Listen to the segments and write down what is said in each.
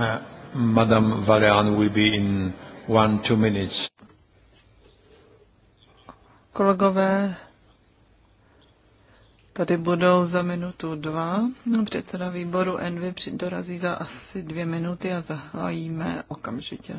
Uh, Madame Valéan will be in one, two minutes. Kolegové, tady budou za minutu dva. Předseda výboru Envy dorazí za asi dvě minuty a zahájíme okamžitě.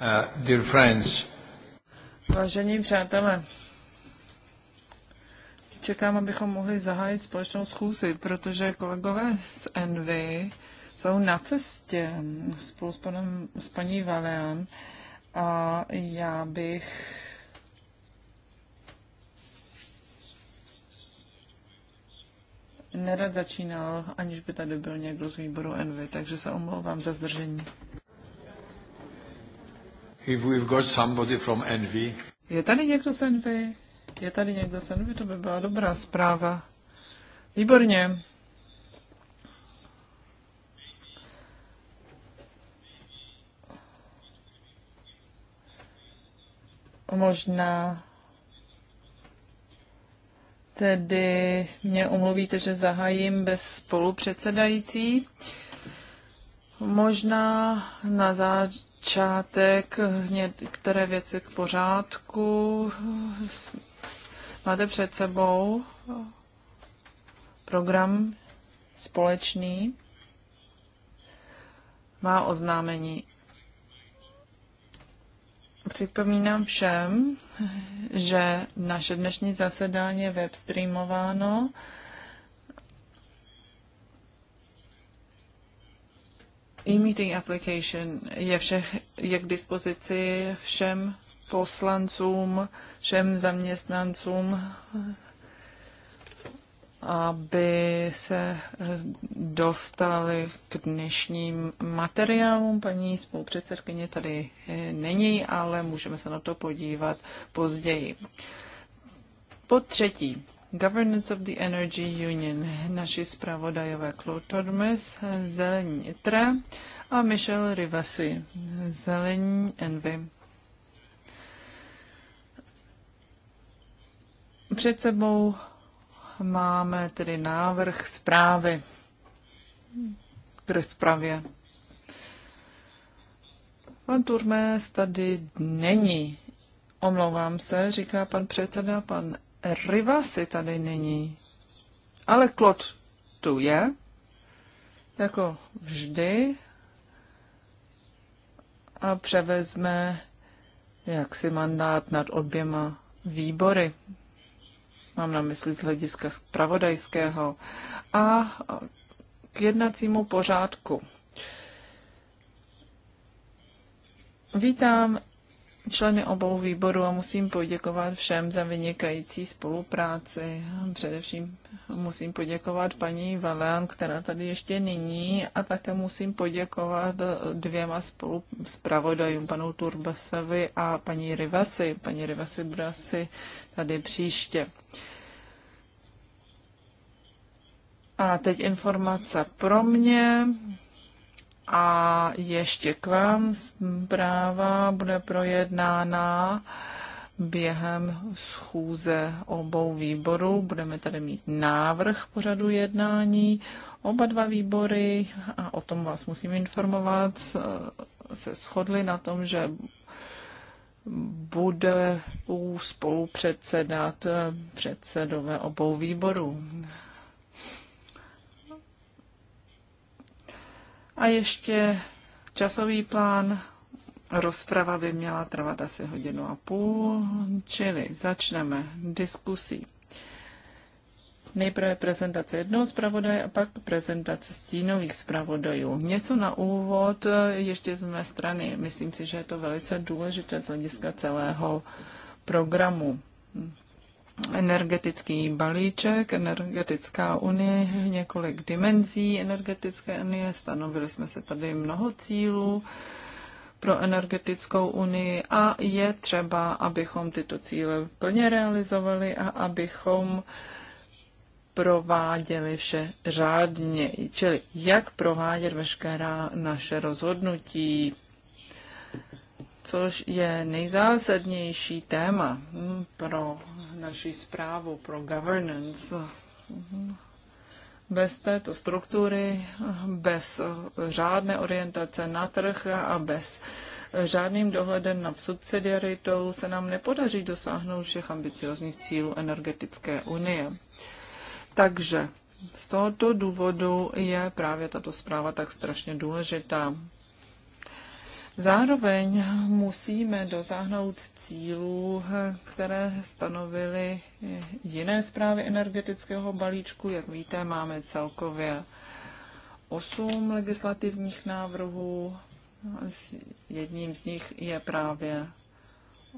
Uh, dear friends. Vážení přátelé, čekám, abychom mohli zahájit společnou schůzi, protože kolegové z NV jsou na cestě spolu s, panem, s paní Valean a já bych nerad začínal, aniž by tady byl někdo z výboru NV, takže se omlouvám za zdržení if we've got somebody from Envy. Je tady někdo z Envy? Je tady někdo z Envy? To by byla dobrá zpráva. Výborně. Možná tedy mě omluvíte, že zahájím bez spolupředsedající. Možná na, záč- začátek některé věci k pořádku. Máte před sebou program společný. Má oznámení. Připomínám všem, že naše dnešní zasedání je webstreamováno. E-meeting application je, všech, je k dispozici všem poslancům, všem zaměstnancům, aby se eh, dostali k dnešním materiálům. Paní spolupředsedkyně tady eh, není, ale můžeme se na to podívat později. Po třetí, Governance of the Energy Union. Naši zpravodajové Claude Tormes, Zelení Itra a Michel Rivasi, Zelení Envy. Před sebou máme tedy návrh zprávy k rozpravě. Pan Turmes tady není. Omlouvám se, říká pan předseda, pan Riva si tady není, ale Klot tu je, jako vždy, a převezme jaksi mandát nad oběma výbory. Mám na mysli z hlediska zpravodajského. A k jednacímu pořádku. Vítám členy obou výborů a musím poděkovat všem za vynikající spolupráci. Především musím poděkovat paní Valean, která tady ještě není, a také musím poděkovat dvěma spolu panu Turbasovi a paní Rivasi. Paní Rivasi bude asi tady příště. A teď informace pro mě. A ještě k vám zpráva bude projednána během schůze obou výborů. Budeme tady mít návrh pořadu jednání. Oba dva výbory, a o tom vás musím informovat, se shodli na tom, že bude spolu předsedat předsedové obou výborů. A ještě časový plán. Rozprava by měla trvat asi hodinu a půl, čili začneme diskusí. Nejprve prezentace jednoho zpravodaje a pak prezentace stínových zpravodajů. Něco na úvod ještě z mé strany. Myslím si, že je to velice důležité z hlediska celého programu energetický balíček, energetická unie, několik dimenzí energetické unie. Stanovili jsme se tady mnoho cílů pro energetickou unii a je třeba, abychom tyto cíle plně realizovali a abychom prováděli vše řádně, čili jak provádět veškerá naše rozhodnutí, což je nejzásadnější téma pro naší zprávu pro governance. Bez této struktury, bez řádné orientace na trh a bez žádným dohledem na subsidiaritou se nám nepodaří dosáhnout všech ambiciozních cílů energetické unie. Takže z tohoto důvodu je právě tato zpráva tak strašně důležitá. Zároveň musíme dosáhnout cílů, které stanovily jiné zprávy energetického balíčku. Jak víte, máme celkově osm legislativních návrhů. Jedním z nich je právě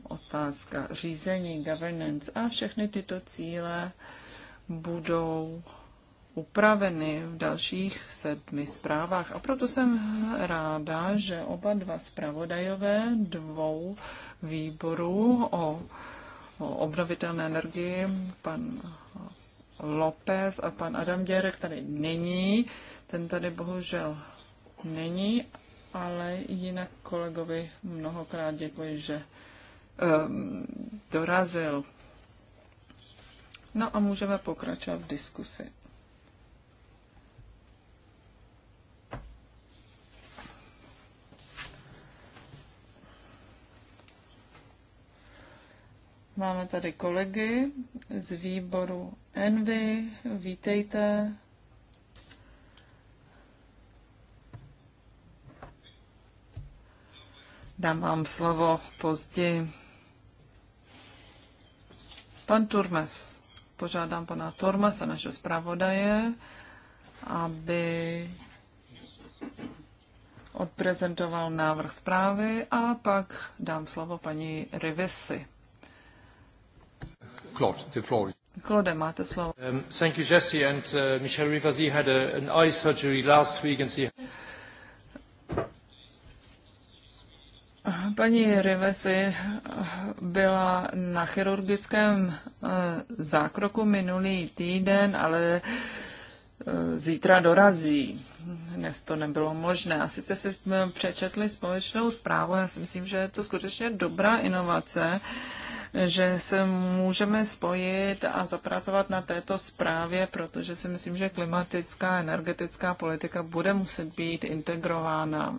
otázka řízení, governance a všechny tyto cíle budou upraveny v dalších sedmi zprávách. A proto jsem ráda, že oba dva zpravodajové dvou výborů o, o obnovitelné energii, pan López a pan Adam Děrek tady není. Ten tady bohužel není, ale jinak kolegovi mnohokrát děkuji, že um, dorazil. No a můžeme pokračovat v diskusi. Máme tady kolegy z výboru Envy. Vítejte. Dám vám slovo později. Pan Turmes. Požádám pana Turmesa, našeho zpravodaje, aby odprezentoval návrh zprávy a pak dám slovo paní Rivisi. Claude, the floor is Claude, máte slovo. Um, thank you, Jesse. And uh, Michelle Rivasi had a, an eye surgery last week and Paní Rivesi byla na chirurgickém uh, zákroku minulý týden, ale uh, zítra dorazí. Dnes to nebylo možné. A sice si uh, přečetli společnou zprávu, já si myslím, že je to skutečně dobrá inovace že se můžeme spojit a zapracovat na této zprávě, protože si myslím, že klimatická energetická politika bude muset být integrována.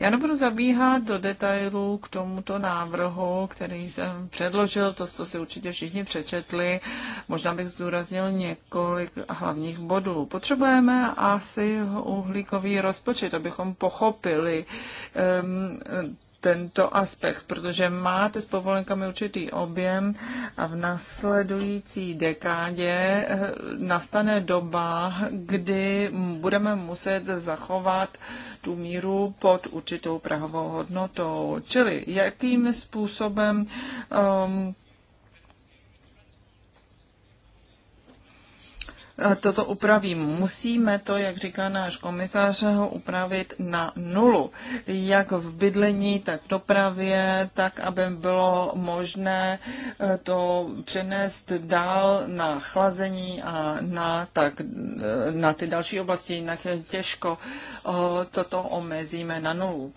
Já nebudu zabíhat do detailů k tomuto návrhu, který jsem předložil, to, co si určitě všichni přečetli. Možná bych zdůraznil několik hlavních bodů. Potřebujeme asi uhlíkový rozpočet, abychom pochopili um, tento aspekt, protože máte s povolenkami určitý objem a v nasledující dekádě eh, nastane doba, kdy budeme muset zachovat tu míru pod určitou prahovou hodnotou. Čili jakým způsobem um, E, toto upravím. Musíme to, jak říká náš komisář, ho upravit na nulu. Jak v bydlení, tak v dopravě, tak, aby bylo možné e, to přenést dál na chlazení a na, tak, e, na ty další oblasti, jinak je těžko toto omezíme na nulu.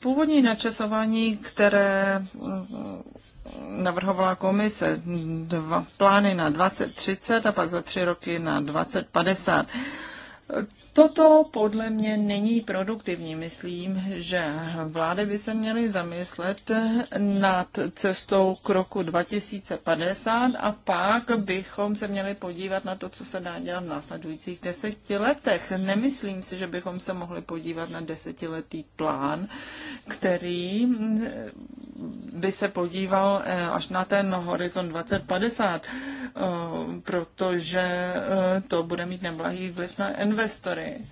Původní načasování, které navrhovala komise dva plány na 2030 a pak za tři roky na 2050. Toto podle mě není produktivní. Myslím, že vlády by se měly zamyslet nad cestou k roku 2050 a pak bychom se měli podívat na to, co se dá dělat v následujících deseti letech. Nemyslím si, že bychom se mohli podívat na desetiletý plán, který by se podíval eh, až na ten horizont 2050, eh, protože eh, to bude mít neblahý vliv na investory sektory.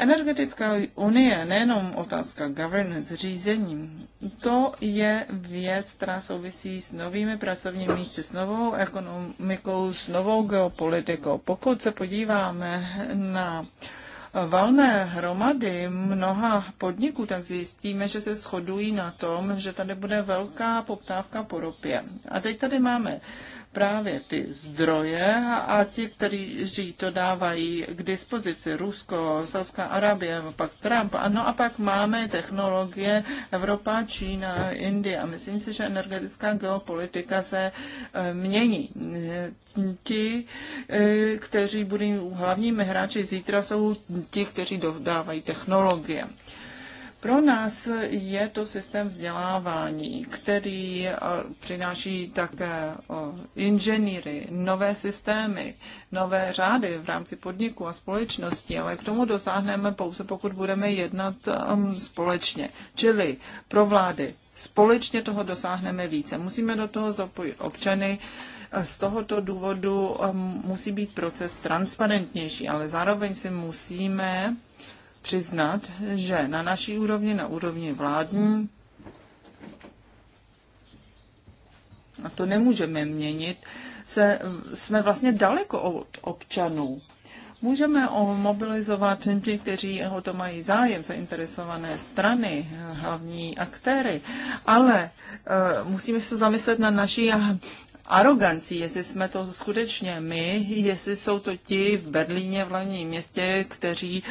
Energetická unie, nejenom otázka governance, řízení, to je věc, která souvisí s novými pracovními místy, s novou ekonomikou, s novou geopolitikou. Pokud se podíváme na valné hromady mnoha podniků, tak zjistíme, že se shodují na tom, že tady bude velká poptávka po ropě. A teď tady máme právě ty zdroje a ti, kteří to dávají k dispozici, Rusko, Saudská Arabie, pak Trump, ano a pak máme technologie Evropa, Čína, Indie a myslím si, že energetická geopolitika se e, mění. Ti, e, kteří budou hlavními hráči zítra, jsou ti, kteří dodávají technologie. Pro nás je to systém vzdělávání, který eh, přináší také eh, inženýry, nové systémy, nové řády v rámci podniku a společnosti, ale k tomu dosáhneme pouze, pokud budeme jednat ehm, společně. Čili pro vlády společně toho dosáhneme více. Musíme do toho zapojit občany, eh, z tohoto důvodu ehm, musí být proces transparentnější, ale zároveň si musíme přiznat, že na naší úrovni, na úrovni vládní, a to nemůžeme měnit, se, jsme vlastně daleko od občanů. Můžeme mobilizovat ti, kteří o to mají zájem, zainteresované strany, hlavní aktéry, ale e, musíme se zamyslet na naší arogancí, jestli jsme to skutečně my, jestli jsou to ti v Berlíně, v hlavním městě, kteří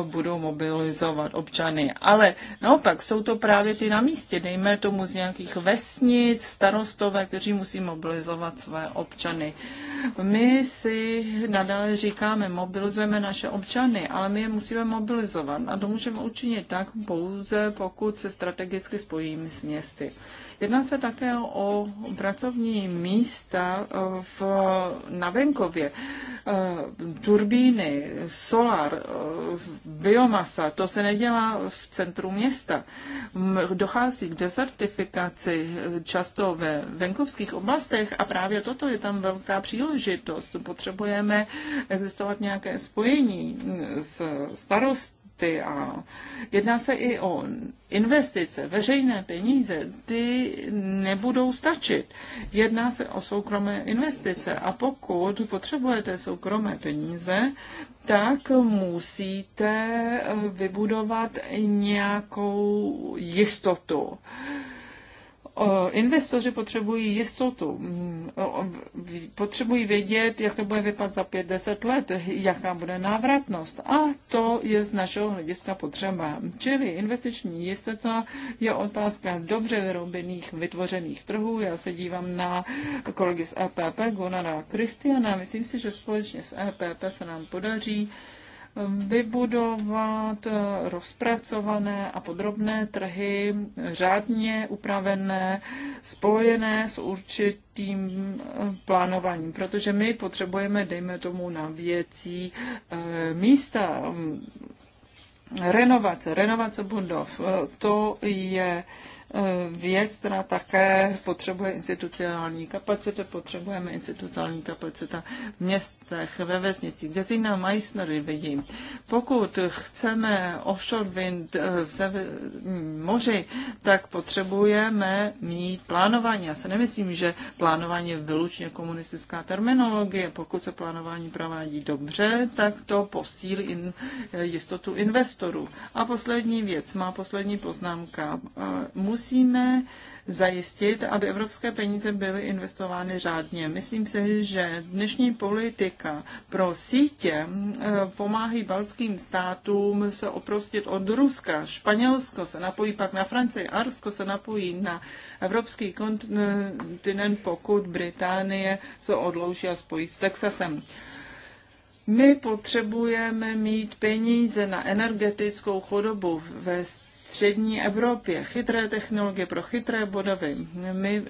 uh, budou mobilizovat občany. Ale naopak jsou to právě ty na místě, dejme tomu z nějakých vesnic, starostové, kteří musí mobilizovat své občany. My si nadále říkáme, mobilizujeme naše občany, ale my je musíme mobilizovat a to můžeme učinit tak pouze, pokud se strategicky spojíme s městy. Jedná se také o pracovní místa eh, v, na venkově. Eh, turbíny, solar, eh, biomasa, to se nedělá v centru města. Dochází k desertifikaci často ve venkovských oblastech a právě toto je tam velká příležitost. Potřebujeme existovat nějaké spojení mm, s starost projekty a jedná se i o investice, veřejné peníze, ty nebudou stačit. Jedná se o soukromé investice a pokud potřebujete soukromé peníze, tak musíte vybudovat nějakou jistotu investoři potřebují jistotu, mm, potřebují vědět, jak to bude vypadat za 5-10 let, jaká bude návratnost. A to je z našeho hlediska potřeba. Čili investiční jistota je otázka dobře vyrobených, vytvořených trhů. Já se dívám na kolegy z EPP, Gunara a Kristiana. Myslím si, že společně s EPP se nám podaří vybudovat eh, rozpracované a podrobné trhy, řádně upravené, spojené s určitým eh, plánováním, protože my potřebujeme, dejme tomu, na věcí eh, místa, renovace, renovace budov, to je věc, která také potřebuje institucionální kapacitu, potřebujeme institucionální kapacita v městech, ve vesnicích. na Meissnery vidím. pokud chceme offshore wind eh, v moři, tak potřebujeme mít plánování. Já se nemyslím, že plánování je vylučně komunistická terminologie. Pokud se plánování provádí dobře, tak to posílí in, eh, jistotu investorů. A poslední věc, má poslední poznámka. Eh, musí musíme zajistit, aby evropské peníze byly investovány řádně. Myslím si, že dnešní politika pro sítě eh, pomáhá balckým státům se oprostit od Ruska. Španělsko se napojí pak na Francii, Arsko se napojí na evropský kontinent, pokud Británie se odlouží a spojí s Texasem. My potřebujeme mít peníze na energetickou chodobu ve střední Evropě. Chytré technologie pro chytré budovy. My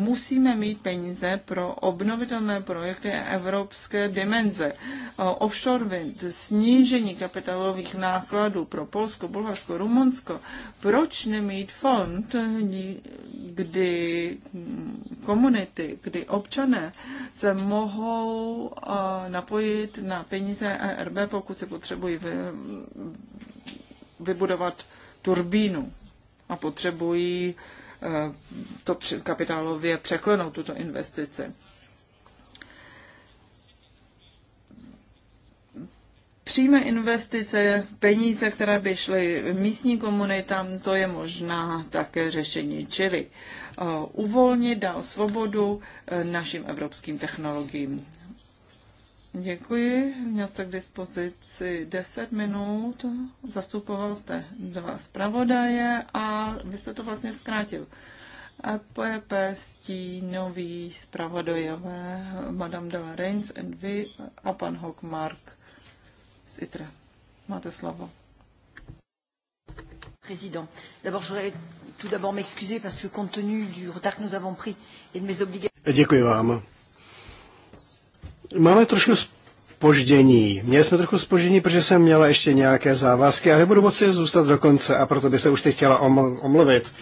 musíme mít peníze pro obnovitelné projekty evropské dimenze. Offshore wind, snížení kapitálových nákladů pro Polsko, Bulharsko, Rumunsko. Proč nemít fond, kdy komunity, kdy občané se mohou eh, napojit na peníze ERB, pokud se potřebují vybudovat turbínu a potřebují eh, to kapitálově překlenout, tuto investici. Přímé investice, peníze, které by šly místní komunitám, to je možná také řešení, čili eh, uvolnit, dal svobodu eh, našim evropským technologiím. Děkuji. Měl jste k dispozici 10 minut, zastupoval jste dva zpravodaje a vy jste to vlastně zkrátil. EPP stínový zpravodajové Madame de la Reins and vy a pan Hock Mark z ITRE. Máte slovo. Président, d'abord je voudrais tout d'abord m'excuser parce que compte tenu du retard que nous avons pris et de mes obligations. Děkuji vám. Máme trošku spoždění. Měli jsme trochu spoždění, protože jsem měla ještě nějaké závazky a nebudu moci zůstat do konce a proto by se už teď chtěla omluvit.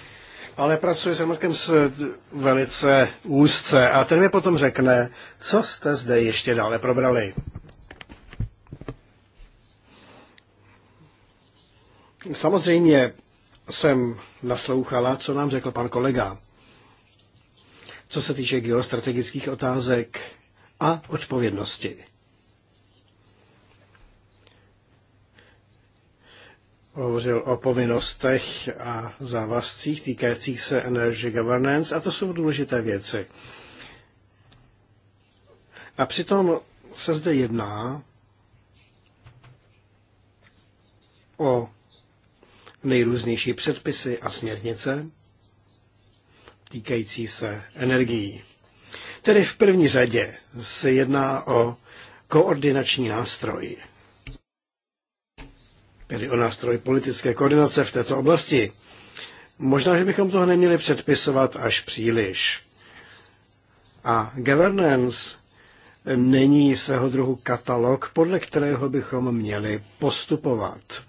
Ale pracuji s Markem s velice úzce a ten mi potom řekne, co jste zde ještě dále probrali. Samozřejmě jsem naslouchala, co nám řekl pan kolega. Co se týče geostrategických otázek, a odpovědnosti. hovořil o povinnostech a závazcích týkajících se energy governance a to jsou důležité věci. A přitom se zde jedná o nejrůznější předpisy a směrnice týkající se energií. Tedy v první řadě se jedná o koordinační nástroj, tedy o nástroj politické koordinace v této oblasti. Možná, že bychom toho neměli předpisovat až příliš. A governance není svého druhu katalog, podle kterého bychom měli postupovat.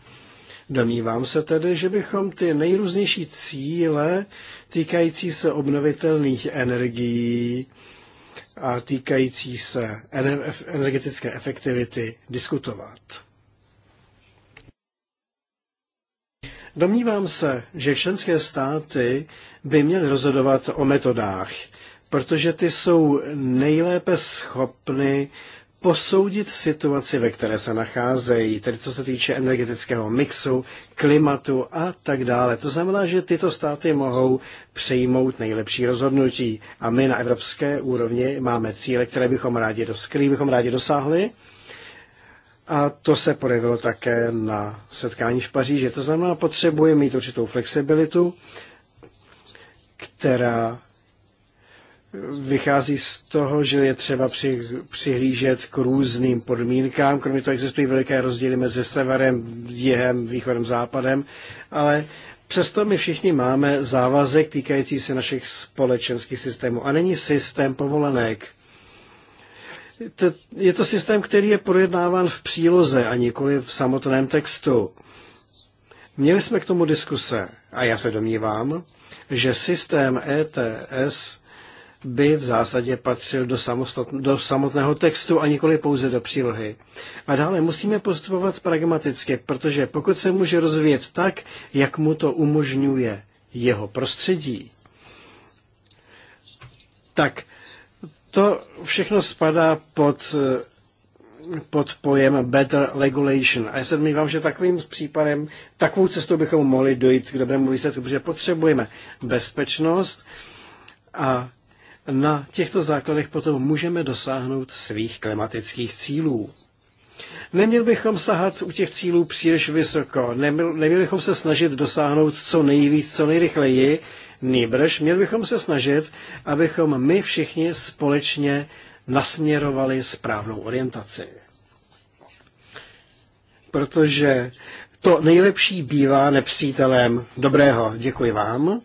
Domnívám se tedy, že bychom ty nejrůznější cíle týkající se obnovitelných energií, a týkající se energetické efektivity diskutovat. Domnívám se, že členské státy by měly rozhodovat o metodách, protože ty jsou nejlépe schopny posoudit situaci, ve které se nacházejí, tedy co se týče energetického mixu, klimatu a tak dále. To znamená, že tyto státy mohou přijmout nejlepší rozhodnutí a my na evropské úrovni máme cíle, které bychom rádi, dos- které bychom rádi dosáhli. A to se projevilo také na setkání v Paříži. To znamená, potřebuje mít určitou flexibilitu, která vychází z toho, že je třeba při, přihlížet k různým podmínkám. Kromě toho existují veliké rozdíly mezi severem, jihem, východem, západem, ale přesto my všichni máme závazek týkající se našich společenských systémů. A není systém povolenek. Je to systém, který je projednáván v příloze a nikoli v samotném textu. Měli jsme k tomu diskuse a já se domnívám, že systém ETS by v zásadě patřil do, do samotného textu a nikoli pouze do přílohy. A dále musíme postupovat pragmaticky, protože pokud se může rozvíjet tak, jak mu to umožňuje jeho prostředí, tak to všechno spadá pod, pod pojem better regulation. A já se domnívám, že takovým případem, takovou cestou bychom mohli dojít k dobrému výsledku, protože potřebujeme bezpečnost a na těchto základech potom můžeme dosáhnout svých klimatických cílů. Neměl bychom sahat u těch cílů příliš vysoko, neměl, neměli bychom se snažit dosáhnout co nejvíc, co nejrychleji, nýbrž měli bychom se snažit, abychom my všichni společně nasměrovali správnou orientaci. Protože to nejlepší bývá nepřítelem dobrého. Děkuji vám.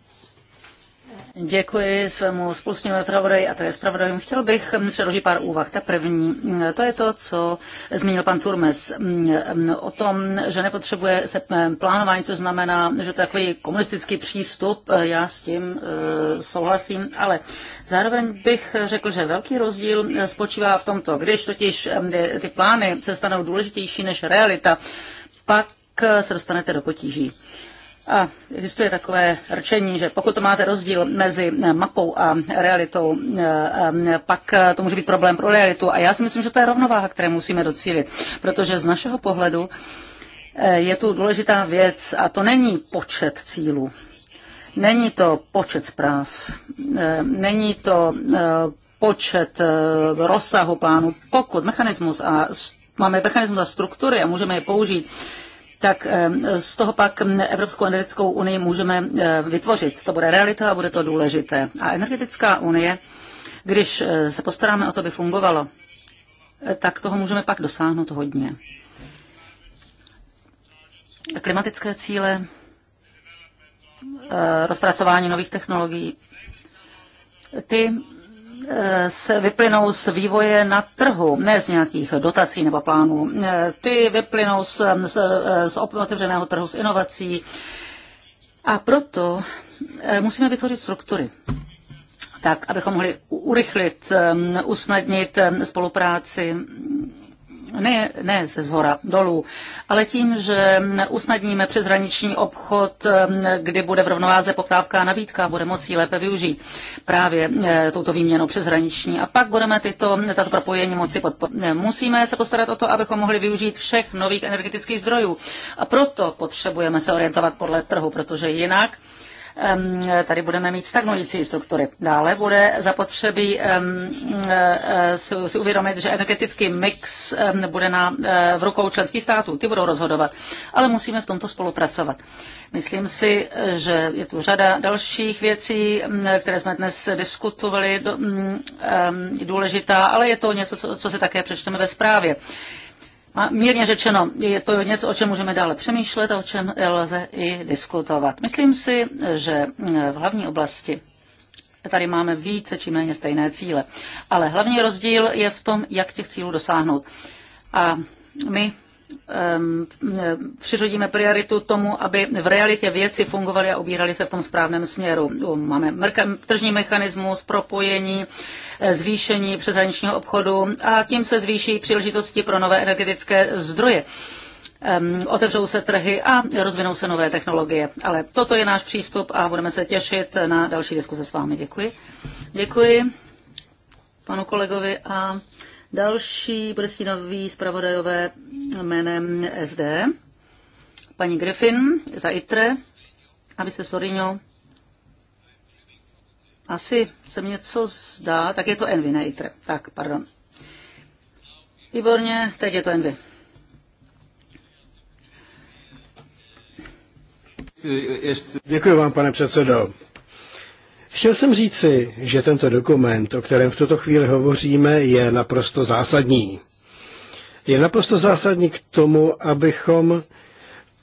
Děkuji svému spolustnímu zpravodaji a tady zpravodajům. Chtěl bych mm, předložit pár úvah. Ta první, mm, to je to, co zmínil pan Turmes mm, o tom, že nepotřebuje se plánování, což znamená, že to je takový komunistický přístup, já s tím e, souhlasím, ale zároveň bych řekl, že velký rozdíl e, spočívá v tomto, když totiž ty plány se stanou důležitější než realita, pak e, se dostanete do potíží. A existuje takové rčení, že pokud to máte rozdíl mezi mapou a realitou, eh, eh, pak eh, to může být problém pro realitu. A já si myslím, že to je rovnováha, které musíme docílit, protože z našeho pohledu je tu důležitá věc a to není počet cílů. Není to počet zpráv, není to počet rozsahu plánu. Pokud mechanismus a máme mechanismus a struktury a můžeme je použít tak z toho pak Evropskou energetickou unii můžeme vytvořit. To bude realita a bude to důležité. A energetická unie, když eh, se postaráme o to, aby fungovalo, eh, tak toho můžeme pak dosáhnout hodně. Klimatické cíle, eh, rozpracování nových technologií, ty Eh, se vyplynou z vývoje na trhu, ne z nějakých dotací nebo plánů. Eh, ty vyplynou z, z, eh, z otevřeného trhu, z inovací. A proto musíme vytvořit struktury tak, abychom mohli urychlit, usnadnit spolupráci ne, ne ze zhora dolů, ale tím, že usnadníme přeshraniční obchod, kdy bude v rovnováze poptávka a nabídka, bude moci lépe využít právě e, touto výměnou přeshraniční. A pak budeme tyto, tato propojení moci podpořit. E, musíme se postarat o to, abychom mohli využít všech nových energetických zdrojů. A proto potřebujeme se orientovat podle trhu, protože jinak tady budeme mít stagnující struktury. Dále bude zapotřebí e, e, si uvědomit, že energetický mix bude na, e, v rukou členských států. Ty budou rozhodovat. Ale musíme v tomto spolupracovat. Myslím si, že je tu řada dalších věcí, které jsme dnes diskutovali, důležitá, ale je to něco, co, co se také přečteme ve zprávě. A mírně řečeno, je to něco, o čem můžeme dále přemýšlet a o čem lze i diskutovat. Myslím si, že mm, v hlavní oblasti tady máme více či méně stejné cíle. Ale hlavní rozdíl je v tom, jak těch cílů dosáhnout. A my Ehm, přiřadíme prioritu tomu, aby v realitě věci fungovaly a ubíraly se v tom správném směru. Máme tržní mechanismus, propojení, eh, zvýšení přeshraničního obchodu a tím se zvýší příležitosti pro nové energetické zdroje ehm, otevřou se trhy a rozvinou se nové technologie. Ale toto je náš přístup a budeme se těšit na další diskuse s vámi. Děkuji. Děkuji panu kolegovi a Další prstínový zpravodajové jménem SD. Paní Griffin za ITRE, aby se Sorino. Asi se mi něco zdá, tak je to Envy, ne ITRE. Tak, pardon. Výborně, teď je to Envy. Děkuji vám, pane předsedo. Chtěl jsem říci, že tento dokument, o kterém v tuto chvíli hovoříme, je naprosto zásadní. Je naprosto zásadní k tomu, abychom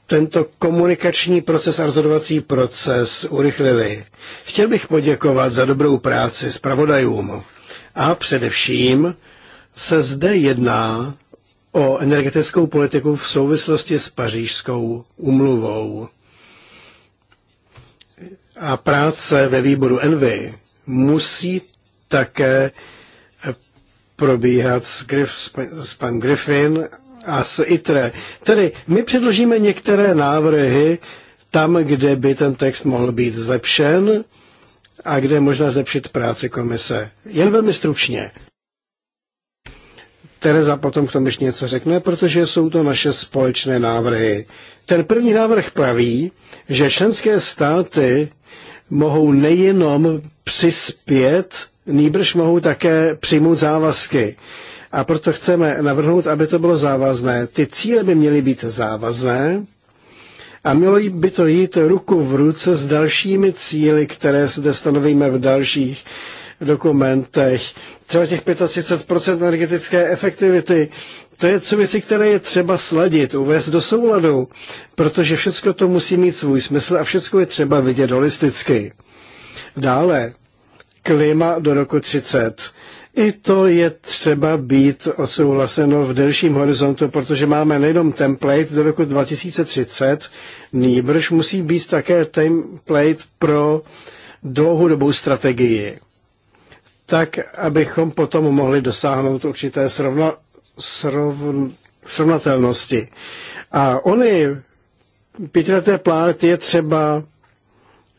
tento komunikační proces a rozhodovací proces urychlili. Chtěl bych poděkovat za dobrou práci zpravodajům. A především se zde jedná o energetickou politiku v souvislosti s pařížskou umluvou a práce ve výboru Envy musí také probíhat s, Griff, s pan Griffin a s ITRE. Tedy my předložíme některé návrhy tam, kde by ten text mohl být zlepšen a kde je možná zlepšit práci komise. Jen velmi stručně. Tereza potom k tomu ještě něco řekne, protože jsou to naše společné návrhy. Ten první návrh praví, že členské státy mohou nejenom přispět, nýbrž mohou také přijmout závazky. A proto chceme navrhnout, aby to bylo závazné. Ty cíle by měly být závazné a mělo by to jít ruku v ruce s dalšími cíly, které zde stanovíme v dalších dokumentech. Třeba těch 35% energetické efektivity. To je co věci, které je třeba sladit, uvést do souladu, protože všechno to musí mít svůj smysl a všechno je třeba vidět holisticky. Dále, klima do roku 30. I to je třeba být odsouhlaseno v delším horizontu, protože máme nejenom template do roku 2030, nýbrž musí být také template pro dlouhodobou strategii tak abychom potom mohli dosáhnout určité srovna, srovn, srovnatelnosti. A ony pětileté plát je třeba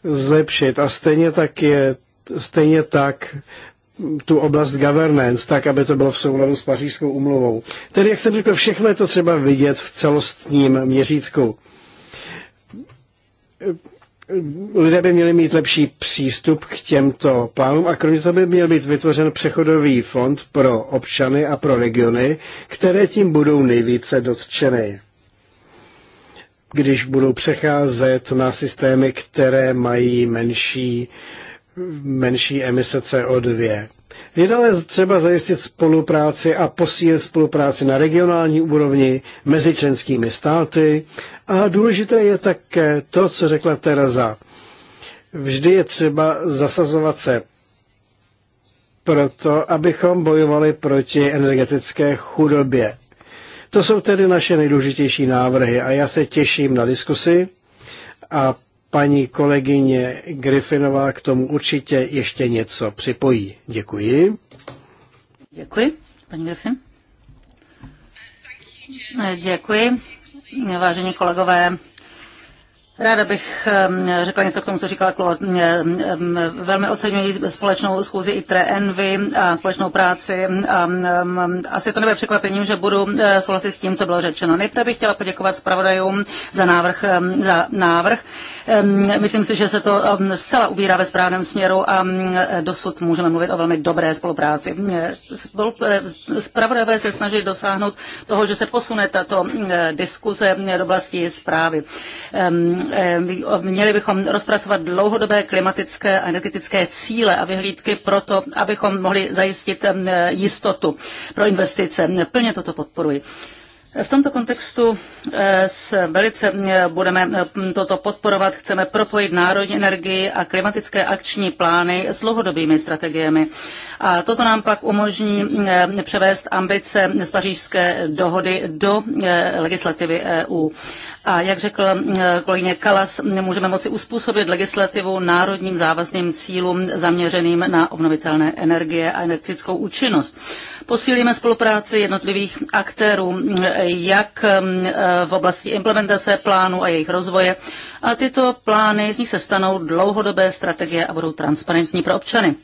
zlepšit a stejně tak je stejně tak tu oblast governance, tak, aby to bylo v souladu s pařížskou umluvou. Tedy, jak jsem řekl, všechno je to třeba vidět v celostním měřítku lidé by měli mít lepší přístup k těmto plánům a kromě toho by měl být vytvořen přechodový fond pro občany a pro regiony, které tím budou nejvíce dotčeny. Když budou přecházet na systémy, které mají menší uh, menší emise CO2. Je dále třeba zajistit spolupráci a posílit spolupráci na regionální úrovni mezi členskými státy. A důležité je také to, co řekla Teresa. Vždy je třeba zasazovat se proto, abychom bojovali proti energetické chudobě. To jsou tedy naše nejdůležitější návrhy a já se těším na diskusi a Paní kolegyně Griffinová k tomu určitě ještě něco připojí. Děkuji. Děkuji, paní Griffin. Děkuji, vážení kolegové. Ráda bych ehm, řekla něco k tomu, co říkala Claude. Ehm, ehm, velmi oceňuji společnou schůzi i Envy a společnou práci. asi to nebude překvapením, že budu eh, souhlasit s tím, co bylo řečeno. Nejprve bych chtěla poděkovat zpravodajům za návrh. Za návrh. Myslím si, že se to zcela ubírá ve správném směru a dosud můžeme mluvit o velmi dobré spolupráci. Spravodajové eh, se snaží dosáhnout toho, že se posune tato eh, diskuze do oblasti zprávy Eh, měli bychom rozpracovat dlouhodobé klimatické a energetické cíle a vyhlídky pro to, abychom mohli zajistit eh, jistotu pro investice. Plně toto podporuji. V tomto kontextu eh, s velice eh, budeme eh, toto podporovat. Chceme propojit národní energii a klimatické akční plány s dlouhodobými strategiemi. A toto nám pak umožní převést ambice z pařížské dohody do legislativy EU. A jak řekl kolegyně Kalas, můžeme moci uspůsobit legislativu národním závazným cílům zaměřeným na obnovitelné energie a energetickou účinnost. Posílíme spolupráci jednotlivých aktérů jak v oblasti implementace plánů a jejich rozvoje. A tyto plány z nich se stanou dlouhodobé strategie a budou transparentní pro občany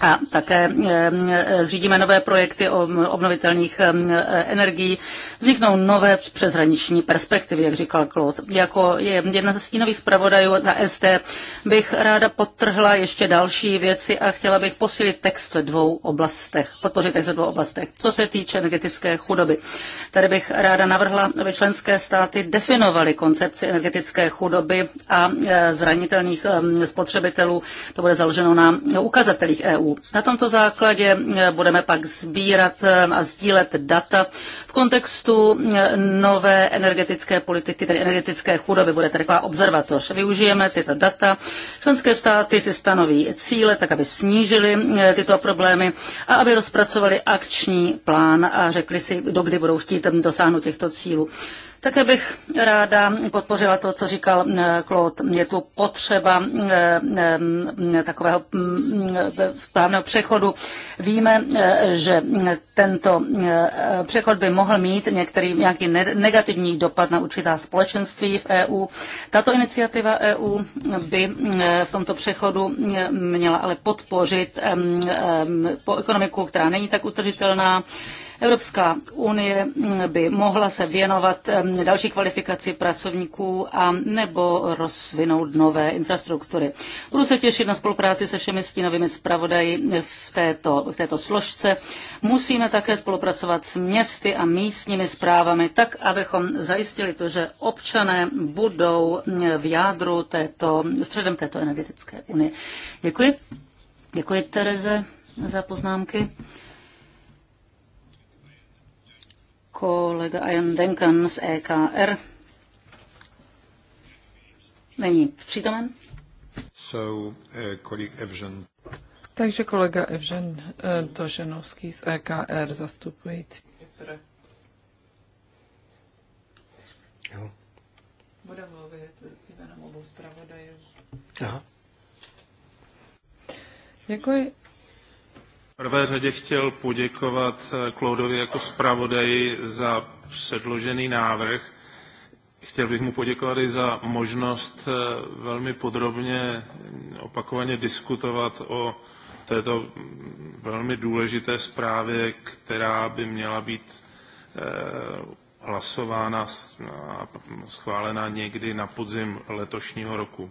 a také eh, zřídíme nové projekty o obnovitelných eh, energií. Vzniknou nové přeshraniční perspektivy, jak říkal Claude. Jako jedna ze stínových zpravodajů na SD bych ráda podtrhla ještě další věci a chtěla bych posílit text ve dvou oblastech, podpořit text ve dvou oblastech. Co se týče energetické chudoby, tady bych ráda navrhla, aby členské státy definovaly koncepci energetické chudoby a eh, zranitelných spotřebitelů. To bude založeno na ukazatelích EU EU. Na tomto základě eh, budeme pak sbírat eh, a sdílet data v kontextu eh, nové energetické politiky, tedy energetické chudoby. Bude tady taková observatoř. Využijeme tyto data. Členské státy si stanoví cíle, tak aby snížili tyto problémy a aby rozpracovali akční plán a řekli si, dokdy budou chtít dosáhnout těchto cílů. Také bych ráda podpořila to, co říkal eh, Claude. Je tu potřeba eh, eh, takového mm, správného přechodu. Víme, že tento přechod by mohl mít některý, nějaký negativní dopad na určitá společenství v EU. Tato iniciativa EU by v tomto přechodu měla ale podpořit ekonomiku, která není tak utržitelná, Evropská unie mm, by mohla se věnovat mm, další kvalifikaci pracovníků a nebo rozvinout nové infrastruktury. Budu se těšit na spolupráci se všemi stínovými zpravodaji v této, v této složce. Musíme také spolupracovat s městy a místními zprávami, tak abychom zajistili to, že občané budou mm, v jádru této, středem této energetické unie. Děkuji. Děkuji, Tereze, za poznámky. kolega Ian Duncan z EKR. Není přítomen? So, uh, Takže kolega Evžen uh, Doženovský z EKR zastupující. Jo. Bude mluvit jménem obou zpravodajů. Aha. Děkuji prvé řadě chtěl poděkovat eh, Klaudovi jako zpravodaji za předložený návrh. Chtěl bych mu poděkovat i za možnost eh, velmi podrobně mm, opakovaně diskutovat o této mm, velmi důležité zprávě, která by měla být eh, hlasována no, a schválena někdy na podzim letošního roku.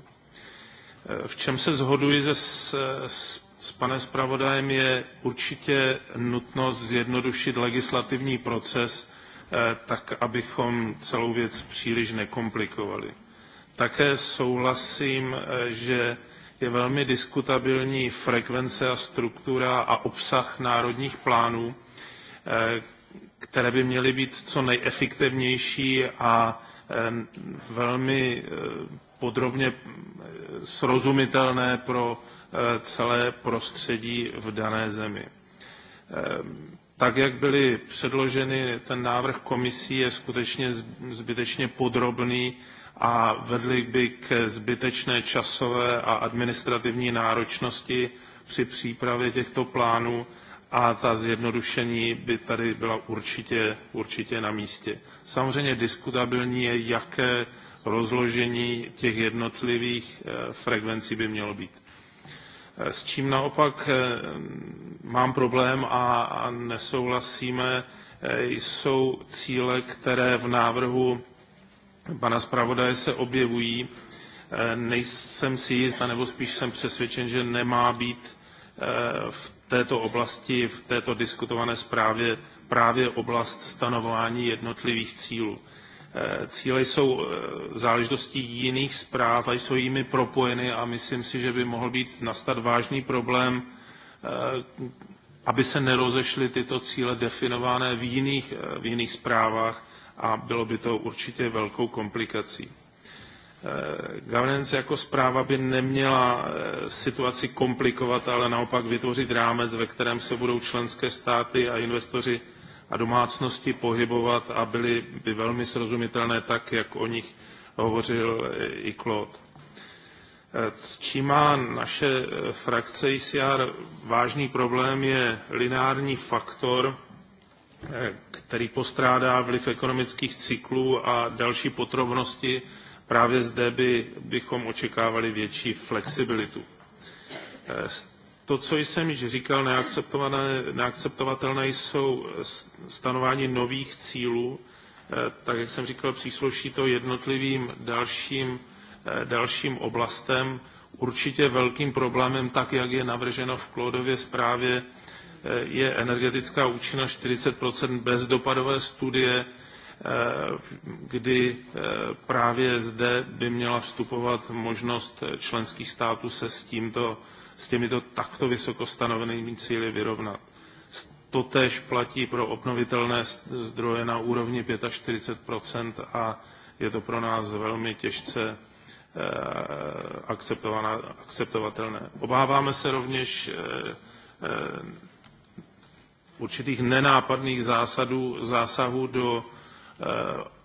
V čem se zhoduji se s s panem zpravodajem je určitě nutnost zjednodušit legislativní proces eh, tak, abychom celou věc příliš nekomplikovali. Také souhlasím, eh, že je velmi diskutabilní frekvence a struktura a obsah národních plánů, eh, které by měly být co nejefektivnější a velmi podrobně srozumitelné pro Eh, celé prostředí v dané zemi. Eh, tak, jak byly předloženy, ten návrh komisí je skutečně zbytečně podrobný a vedl by k zbytečné časové a administrativní náročnosti při přípravě těchto plánů a ta zjednodušení by tady byla určitě, určitě na místě. Samozřejmě diskutabilní je, jaké rozložení těch jednotlivých eh, frekvencí by mělo být. S čím naopak eh, mám problém a, nesouhlasíme, eh, jsou cíle, které v návrhu pana zpravodaje se objevují. Eh, nejsem si jist, nebo spíš jsem přesvědčen, že nemá být v této oblasti, v této diskutované zprávě právě oblast stanovování jednotlivých cílů. Cíle jsou eh, záležitostí jiných zpráv a jsou jimi propojeny a myslím si, že by mohl být nastat vážný problém, eh, aby se nerozešly tyto cíle definované v jiných, eh, v jiných zprávách a bylo by to určitě velkou komplikací. Governance jako zpráva by neměla situaci komplikovat, ale naopak vytvořit rámec, ve kterém se budou členské státy a investoři a domácnosti pohybovat a byly by velmi srozumitelné tak, jak o nich hovořil i Claude. S čím má naše frakce ICR vážný problém je lineární faktor, který postrádá vliv ekonomických cyklů a další potrovnosti. Právě zde by, bychom očekávali větší flexibilitu. To, co jsem již říkal, neakceptovatelné jsou stanování nových cílů. Eh, tak, jak jsem říkal, přísluší to jednotlivým dalším, eh, dalším oblastem. Určitě velkým problémem, tak jak je navrženo v Klodově zprávě, eh, je energetická účinnost 40 bez dopadové studie, kdy právě zde by měla vstupovat možnost členských států se s tímto s těmito takto vysoko stanovenými cíly vyrovnat. To též platí pro obnovitelné zdroje na úrovni 45 a je to pro nás velmi těžce eh, akceptovatelné. Obáváme se rovněž eh, eh, určitých nenápadných zásadů, zásahů do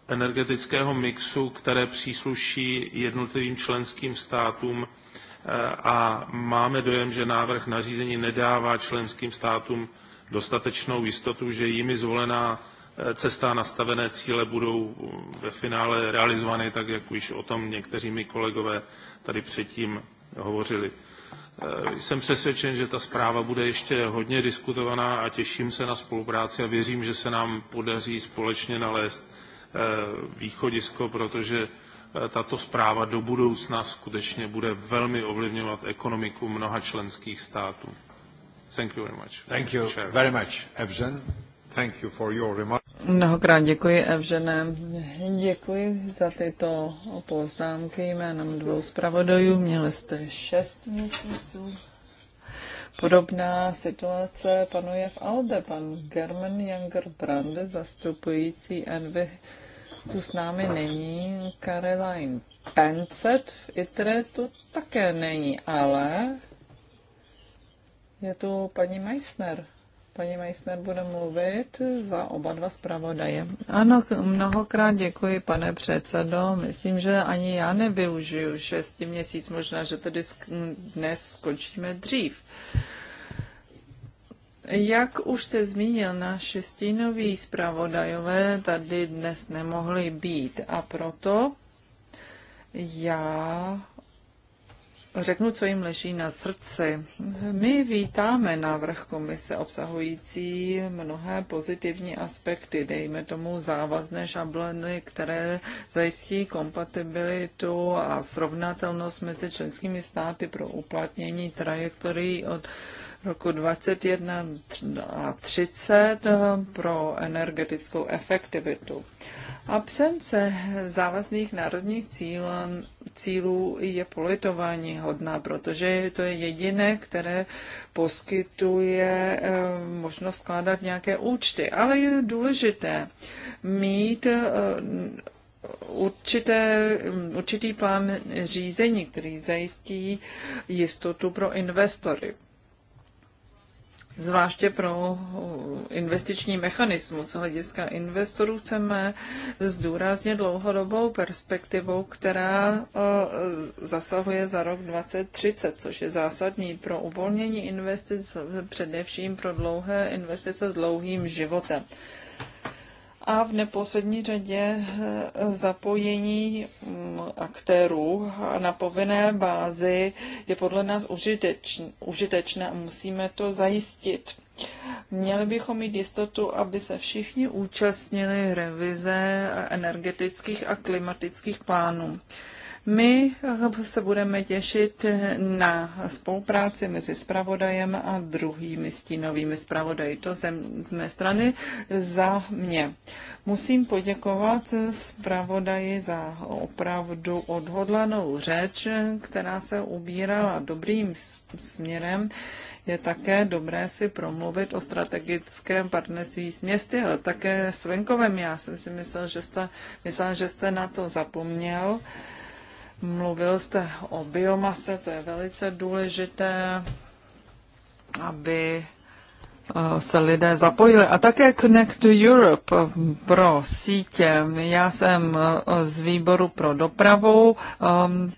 energetického mixu, které přísluší jednotlivým členským státům Eh, a máme dojem, že návrh nařízení nedává členským státům dostatečnou jistotu, že jimi zvolená eh, cesta a nastavené cíle budou mm, ve finále realizovány, tak jak už o tom někteří mi kolegové tady předtím hovořili. Eh, jsem přesvědčen, že ta zpráva bude ještě hodně diskutovaná a těším se na spolupráci a věřím, že se nám podaří společně nalézt východisko, protože Eh, tato zpráva do budoucna skutečně bude velmi ovlivňovat ekonomiku mnoha členských států. Thank you very much. Thank you very much, Evžen. Thank you for your remarks. Mnohokrát děkuji, Evžene. Děkuji za tyto poznámky jménem dvou zpravodajů. Měli jste šest měsíců. Podobná situace panuje v Alde. Pan German Janger Brande, zastupující Envy, tu s námi není. Caroline Pencet v ITRE tu také není, ale je tu paní Meissner. Paní Meissner bude mluvit za oba dva zpravodaje. Ano, mnohokrát děkuji, pane předsedo. Myslím, že ani já nevyužiju šesti měsíc, možná, že tedy dnes skončíme dřív. Uh, jak už se zmínil, naši stínoví zpravodajové tady dnes nemohli být a proto já řeknu, co jim leží na srdci. My vítáme návrh komise obsahující mnohé pozitivní aspekty, dejme tomu závazné šablony, které zajistí kompatibilitu a srovnatelnost mezi členskými státy pro uplatnění trajektorií od roku 21 a 30 eh, pro energetickou efektivitu. Absence závazných národních cíl, cílů je politování hodná, protože to je jediné, které poskytuje eh, možnost skládat nějaké účty. Ale je důležité mít eh, určité, určitý plán řízení, který zajistí jistotu pro investory zvláště pro investiční mechanismus. Z hlediska investorů chceme zdůraznit dlouhodobou perspektivou, která e, zasahuje za rok 2030, což je zásadní pro uvolnění investic, především pro dlouhé investice s dlouhým životem a v neposlední řadě eh, zapojení mm, aktérů na povinné bázi je podle nás užitečné a musíme to zajistit. Měli bychom mít jistotu, aby se všichni účastnili revize energetických a klimatických plánů. My se budeme těšit na spolupráci mezi spravodajem a druhými stínovými spravodaji. To z mé strany za mě. Musím poděkovat spravodaji za opravdu odhodlanou řeč, která se ubírala dobrým směrem je také dobré si promluvit o strategickém partnerství s městy, ale také s venkovem. Já jsem si myslel, že jste, myslel, že jste na to zapomněl. Mluvil jste o biomase, to je velice důležité, aby Eh, se lidé zapojili. A také Connect to Europe eh, pro sítě. Já jsem eh, z výboru pro dopravu,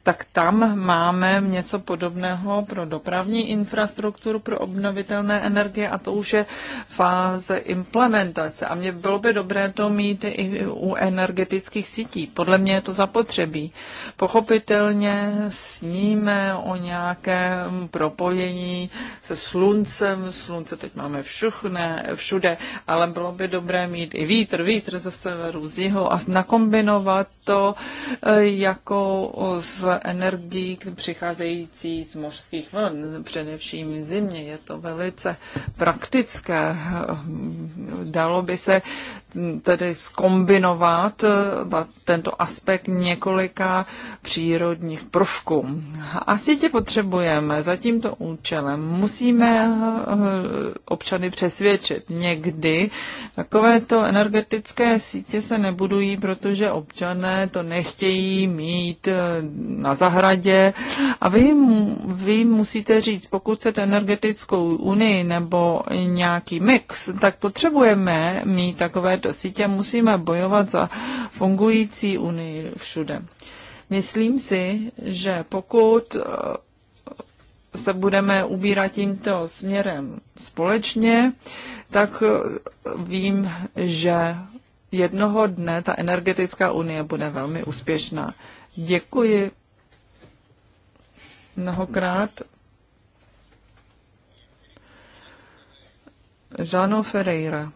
tak tam máme něco podobného pro dopravní infrastrukturu, pro obnovitelné energie a to už je fáze implementace. A mě bylo by dobré to mít i u energetických sítí. Podle mě je to zapotřebí. Pochopitelně sníme o nějakém propojení se sluncem. Slunce teď máme všuchne, všude, ale bylo by dobré mít i vítr, vítr ze severu, z jihu a nakombinovat to eh, jako z energií přicházející z mořských vln, především zimně. Je to velice praktické. Dalo by se tedy skombinovat eh, tento aspekt několika přírodních prvků. Asi tě potřebujeme za tímto účelem. Musíme eh, občany přesvědčit. Někdy takovéto energetické sítě se nebudují, protože občané to nechtějí mít eh, na zahradě. A vy, vy musíte říct, pokud chcete energetickou unii nebo nějaký mix, tak potřebujeme mít takovéto sítě, musíme bojovat za fungující unii všude. Myslím si, že pokud eh, se budeme ubírat tímto směrem společně, tak eh, vím, že jednoho dne ta energetická unie bude velmi úspěšná. Děkuji mnohokrát. Žano Ferreira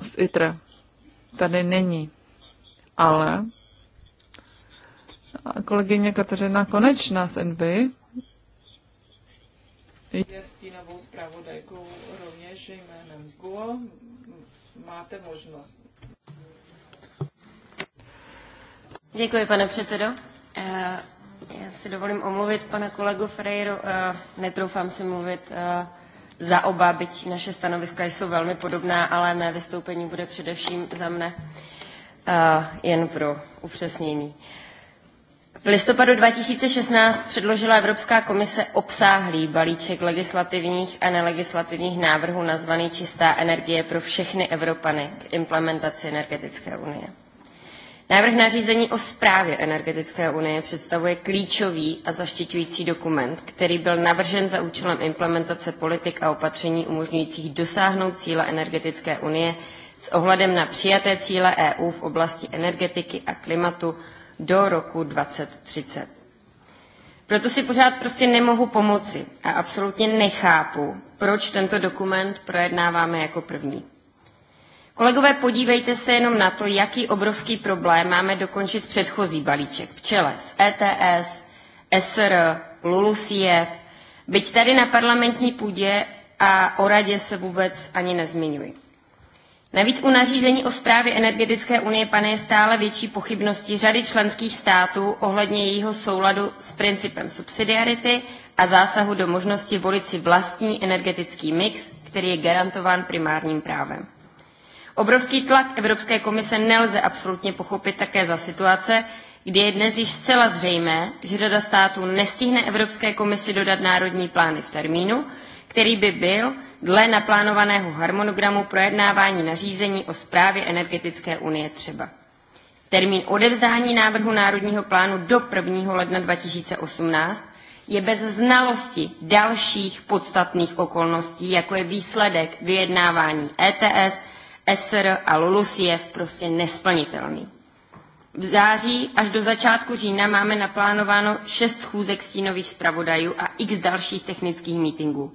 z ITRE tady není, ale kolegyně Kateřina Konečná z NB je stínovou zpravodajkou rovněž jménem GUO máte možnost. Děkuji, pane předsedo. Eh, já si dovolím omluvit pana kolegu Freiru. Eh, netroufám si mluvit eh, za oba, byť naše stanoviska jsou velmi podobná, ale mé vystoupení bude především za mne, jen pro upřesnění. V listopadu 2016 předložila Evropská komise obsáhlý balíček legislativních a nelegislativních návrhů nazvaný Čistá energie pro všechny Evropany k implementaci energetické unie. Návrh nařízení o správě energetické unie představuje klíčový a zaštiťující dokument, který byl navržen za účelem implementace politik a opatření umožňujících dosáhnout cíle energetické unie s ohledem na přijaté cíle EU v oblasti energetiky a klimatu do roku 2030. Proto si pořád prostě nemohu pomoci a absolutně nechápu, proč tento dokument projednáváme jako první. Kolegové, podívejte se jenom na to, jaký obrovský problém máme dokončit předchozí balíček v čele s ETS, SR, LULUCF, byť tady na parlamentní půdě a o radě se vůbec ani nezmiňuji. Navíc u nařízení o zprávě energetické unie panuje stále větší pochybnosti řady členských států ohledně jejího souladu s principem subsidiarity a zásahu do možnosti volit si vlastní energetický mix, který je garantován primárním právem. Obrovský tlak Evropské komise nelze absolutně pochopit také za situace, kdy je dnes již zcela zřejmé, že řada států nestihne Evropské komisi dodat národní plány v termínu, který by byl dle naplánovaného harmonogramu projednávání nařízení o zprávě energetické unie třeba. Termín odevzdání návrhu Národního plánu do 1. ledna 2018 je bez znalosti dalších podstatných okolností, jako je výsledek vyjednávání ETS, SR a LULUSIEV prostě nesplnitelný. V září až do začátku října máme naplánováno šest schůzek stínových zpravodajů a x dalších technických mítingů.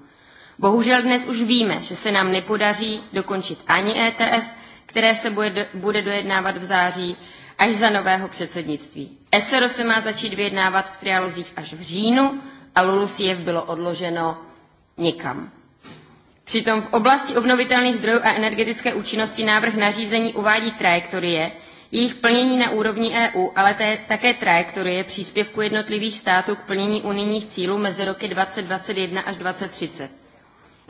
Bohužel dnes už víme, že se nám nepodaří dokončit ani ETS, které se bude, bude dojednávat v září, až za nového předsednictví. SRO se má začít vyjednávat v trialozích až v říjnu a LULUSIEV bylo odloženo nikam. Přitom v oblasti obnovitelných zdrojů a energetické účinnosti návrh nařízení uvádí trajektorie, jejich plnění na úrovni EU, ale té, také trajektorie příspěvku jednotlivých států k plnění unijních cílů mezi roky 2021 až 2030.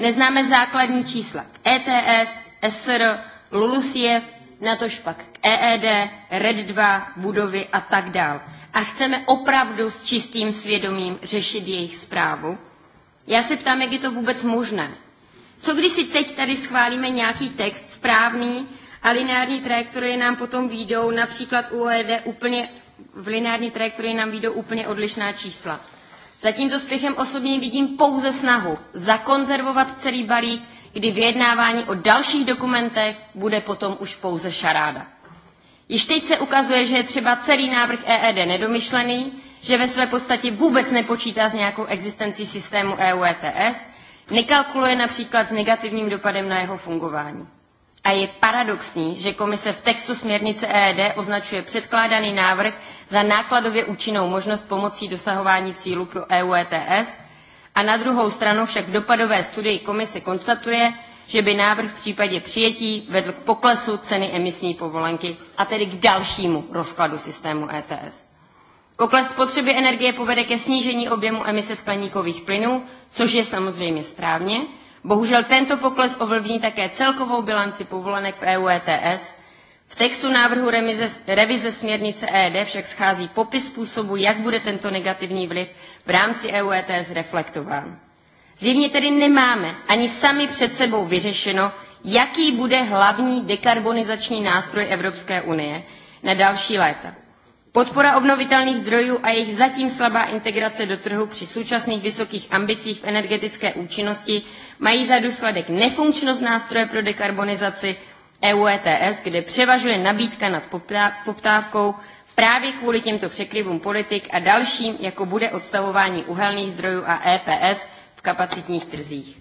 Neznáme základní čísla k e ETS, SR, LULUSIEV, natož pak k EED, RED2, budovy a tak dál. A chceme opravdu s čistým svědomím řešit jejich zprávu? Já se ptám, jak je to vůbec možné. Co když si teď tady schválíme nějaký text správný a lineární trajektorie nám potom výjdou, například u OED úplně v lineární trajektorii nám výjdou úplně odlišná čísla. Za tímto spěchem osobně vidím pouze snahu zakonzervovat celý balík, kdy vyjednávání o dalších dokumentech bude potom už pouze šaráda. Již teď se ukazuje, že je třeba celý návrh EED nedomyšlený, že ve své podstatě vůbec nepočítá s nějakou existencí systému EU ETS, nekalkuluje například s negativním dopadem na jeho fungování. A je paradoxní, že komise v textu směrnice EED označuje předkládaný návrh za nákladově účinnou možnost pomocí dosahování cílu pro EU ETS a na druhou stranu však v dopadové studii komise konstatuje, že by návrh v případě přijetí vedl k poklesu ceny emisní povolenky a tedy k dalšímu rozkladu systému ETS. Pokles spotřeby energie povede ke snížení objemu emise skleníkových plynů, což je samozřejmě správně. Bohužel tento pokles ovlivní také celkovou bilanci povolenek v EU ETS v textu návrhu remize, revize směrnice ED však schází popis způsobu, jak bude tento negativní vliv v rámci EU ETS reflektován. Zjevně tedy nemáme ani sami před sebou vyřešeno, jaký bude hlavní dekarbonizační nástroj Evropské unie na další léta. Podpora obnovitelných zdrojů a jejich zatím slabá integrace do trhu při současných vysokých ambicích v energetické účinnosti mají za důsledek nefunkčnost nástroje pro dekarbonizaci, EU ETS, kde převažuje nabídka nad poptávkou právě kvůli těmto překryvům politik a dalším, jako bude odstavování uhelných zdrojů a EPS v kapacitních trzích.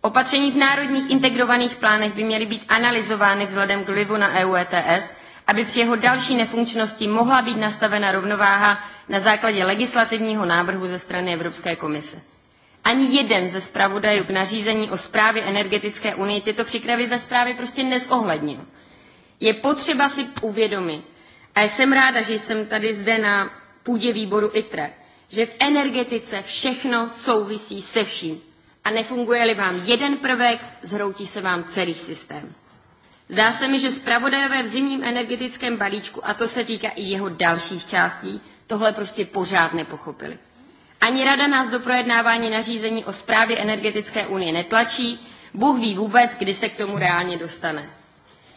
Opatření v národních integrovaných plánech by měly být analyzovány vzhledem k vlivu na EU ETS, aby při jeho další nefunkčnosti mohla být nastavena rovnováha na základě legislativního návrhu ze strany Evropské komise ani jeden ze zpravodajů k nařízení o zprávě energetické unie tyto přípravy ve zprávě prostě nezohlednil. Je potřeba si uvědomit, a jsem ráda, že jsem tady zde na půdě výboru ITRE, že v energetice všechno souvisí se vším. A nefunguje-li vám jeden prvek, zhroutí se vám celý systém. Zdá se mi, že zpravodajové v zimním energetickém balíčku, a to se týká i jeho dalších částí, tohle prostě pořád nepochopili. Ani rada nás do projednávání nařízení o zprávě energetické unie netlačí, Bůh ví vůbec, kdy se k tomu reálně dostane.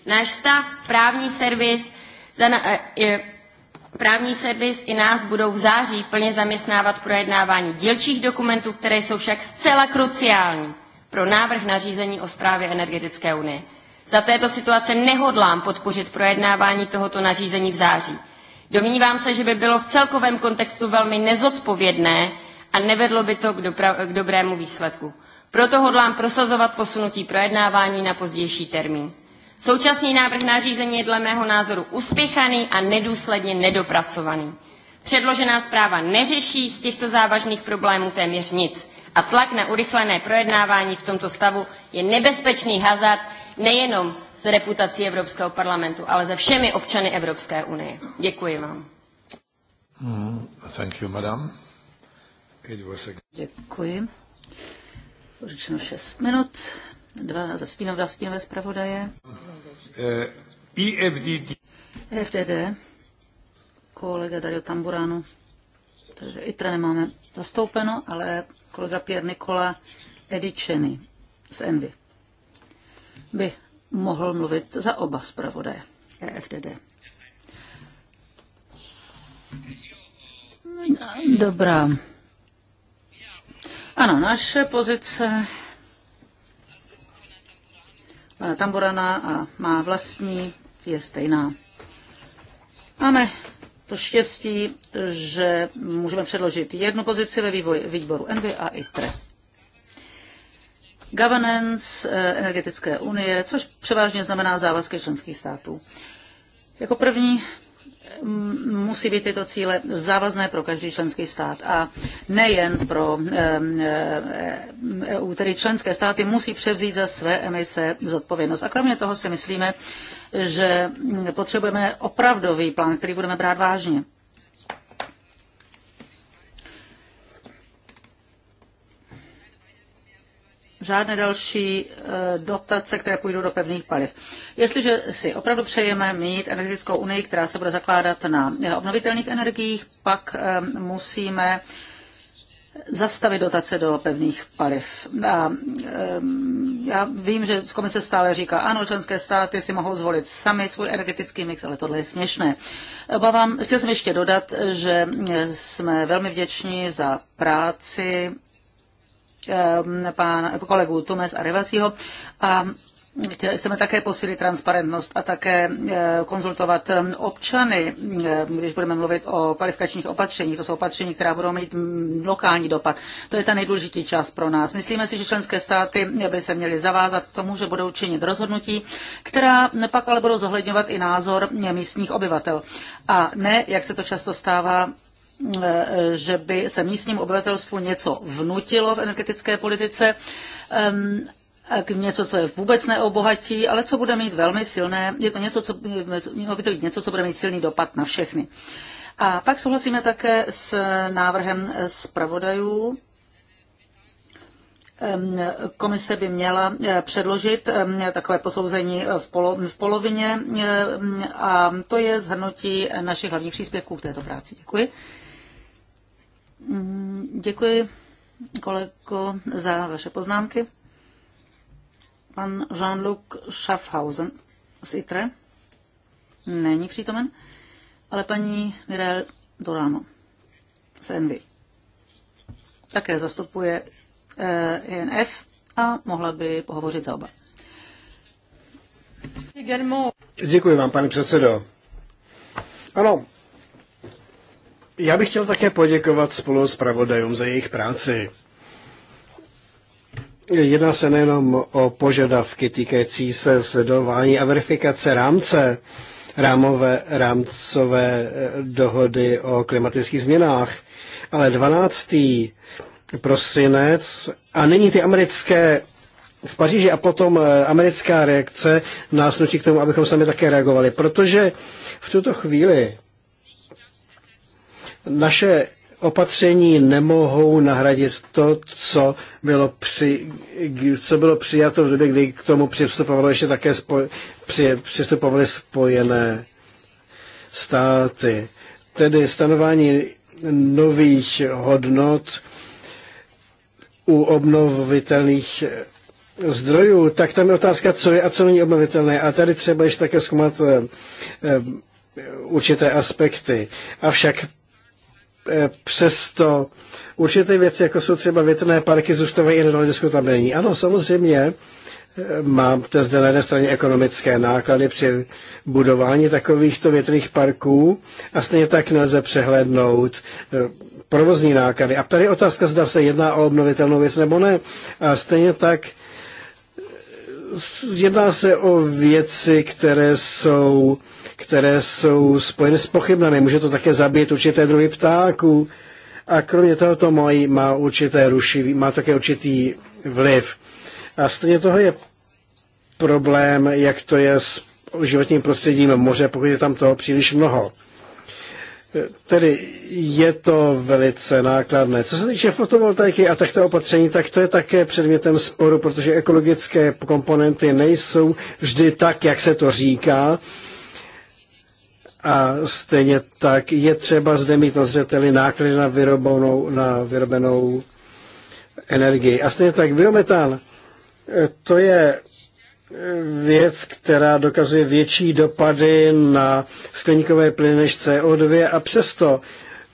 Náš stav, právní servis, za na, e, Právní servis i nás budou v září plně zaměstnávat projednávání dílčích dokumentů, které jsou však zcela kruciální pro návrh nařízení o zprávě energetické unie. Za této situace nehodlám podpořit projednávání tohoto nařízení v září. Domnívám se, že by bylo v celkovém kontextu velmi nezodpovědné a nevedlo by to k, k dobrému výsledku. Proto hodlám prosazovat posunutí projednávání na pozdější termín. Současný návrh nařízení je dle mého názoru uspěchaný a nedůsledně nedopracovaný. Předložená zpráva neřeší z těchto závažných problémů téměř nic a tlak na urychlené projednávání v tomto stavu je nebezpečný hazard nejenom s reputací Evropského parlamentu, ale se všemi občany Evropské unie. Děkuji vám. Mm, thank you, madam. It was a... Děkuji. Řečeno 6 minut. Dva zastínové stínové zpravodaje. Uh, eh, EFDD. EFDD. Kolega Dario Tamburano. Takže ITRA nemáme zastoupeno, ale kolega Pierre Nikola Edičeny z Envy by mohl mluvit za oba zpravodaje EFDD. Dobrá. Ano, naše pozice pana Tamburana a má vlastní je stejná. Máme to štěstí, že můžeme předložit jednu pozici ve vývoji výboru Envy a ITRE governance eh, energetické unie, což převážně znamená závazky členských států. Jako první mm, musí být tyto cíle závazné pro každý členský stát a nejen pro eh, eh, EU, tedy členské státy musí převzít za své emise zodpovědnost. A kromě toho si myslíme, že potřebujeme opravdový plán, který budeme brát vážně. žádné další eh, dotace, které půjdou do pevných paliv. Jestliže si opravdu přejeme mít energetickou unii, která se bude zakládat na eh, obnovitelných energiích, pak eh, musíme zastavit dotace do pevných paliv. A, já vím, že z komise stále říká, ano, členské státy si mohou zvolit sami svůj energetický mix, ale tohle je směšné. Obávám, chtěl jsem ještě dodat, že jsme velmi vděční za práci Um, pán, kolegu Tomes a Revasího a Chceme také posílit transparentnost a také eh, konzultovat um, občany, eh, když budeme mluvit o kvalifikačních opatřeních. To jsou opatření, která budou mít mm, lokální dopad. To je ta nejdůležitější část pro nás. Myslíme si, že členské státy eh, by se měly zavázat k tomu, že budou činit rozhodnutí, která pak ale budou zohledňovat i názor místních obyvatel. A ne, jak se to často stává, že by se místním obyvatelstvu něco vnutilo v energetické politice, k něco, co je vůbec neobohatí, ale co bude mít velmi silné, je to něco, co, mělo by to být něco, co bude mít silný dopad na všechny. A pak souhlasíme také s návrhem zpravodajů, Komise by měla eh, předložit takové posouzení eh, v, polo, v polovině eh, a to je zhrnutí našich hlavních příspěvků v této práci. Děkuji. Mm, děkuji kolego za vaše poznámky. Pan Jean-Luc Schaffhausen z ITRE není přítomen, ale paní Mirel Dorano z Envy také zastupuje ENF eh, e a mohla by pohovořit za oba. Děkuji vám, pane předsedo. Ano, já bych chtěl také poděkovat spolu s pravodajům za jejich práci. Jedná se nejenom o požadavky týkající se sledování a verifikace rámce, rámové, rámcové eh, dohody o klimatických změnách, ale 12. prosinec a nyní ty americké v Paříži a potom eh, americká reakce nás nutí k tomu, abychom sami také reagovali, protože v tuto chvíli naše opatření nemohou nahradit to, co bylo, při, co bylo přijato v době, kdy k tomu přistupovalo ještě také spo, při, přistupovaly spojené státy. Tedy stanování nových hodnot u obnovitelných zdrojů, tak tam je otázka, co je a co není obnovitelné. A tady třeba ještě také zkoumat eh, eh, určité aspekty. Avšak Eh, přesto určité věci, jako jsou třeba větrné parky, zůstávají i tam není. Ano, samozřejmě, eh, máte zde na jedné straně ekonomické náklady při budování takovýchto větrných parků a stejně tak nelze přehlednout eh, provozní náklady. A tady otázka, zda se jedná o obnovitelnou věc nebo ne. A stejně tak jedná se o věci, které jsou které jsou spojeny s pochybnami. Může to také zabít určité druhy ptáků a kromě toho to mají, má, určité rušivý, má také určitý vliv. A stejně toho je problém, jak to je s životním prostředím moře, pokud je tam toho příliš mnoho. Tedy je to velice nákladné. Co se týče fotovoltaiky a takto opatření, tak to je také předmětem sporu, protože ekologické komponenty nejsou vždy tak, jak se to říká. A stejně tak je třeba zde mít na zřeteli náklady na vyrobenou, na vyrobenou energii. A stejně tak biometan, eh, to je eh, věc, která dokazuje větší dopady na skleníkové plyny než CO2 a přesto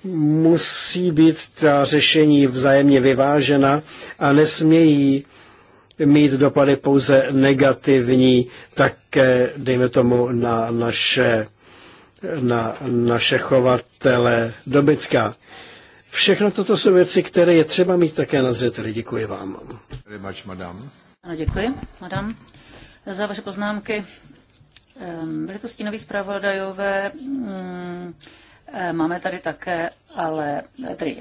musí být ta řešení vzájemně vyvážena a nesmějí mít dopady pouze negativní, také dejme tomu na naše na naše chovatele dobytka. Všechno toto jsou věci, které je třeba mít také na zřeteli. Děkuji vám. Ano, děkuji, madam, za vaše poznámky. Ehm, Byly to stínové zpravodajové. Mm, e, máme tady také, ale e, tedy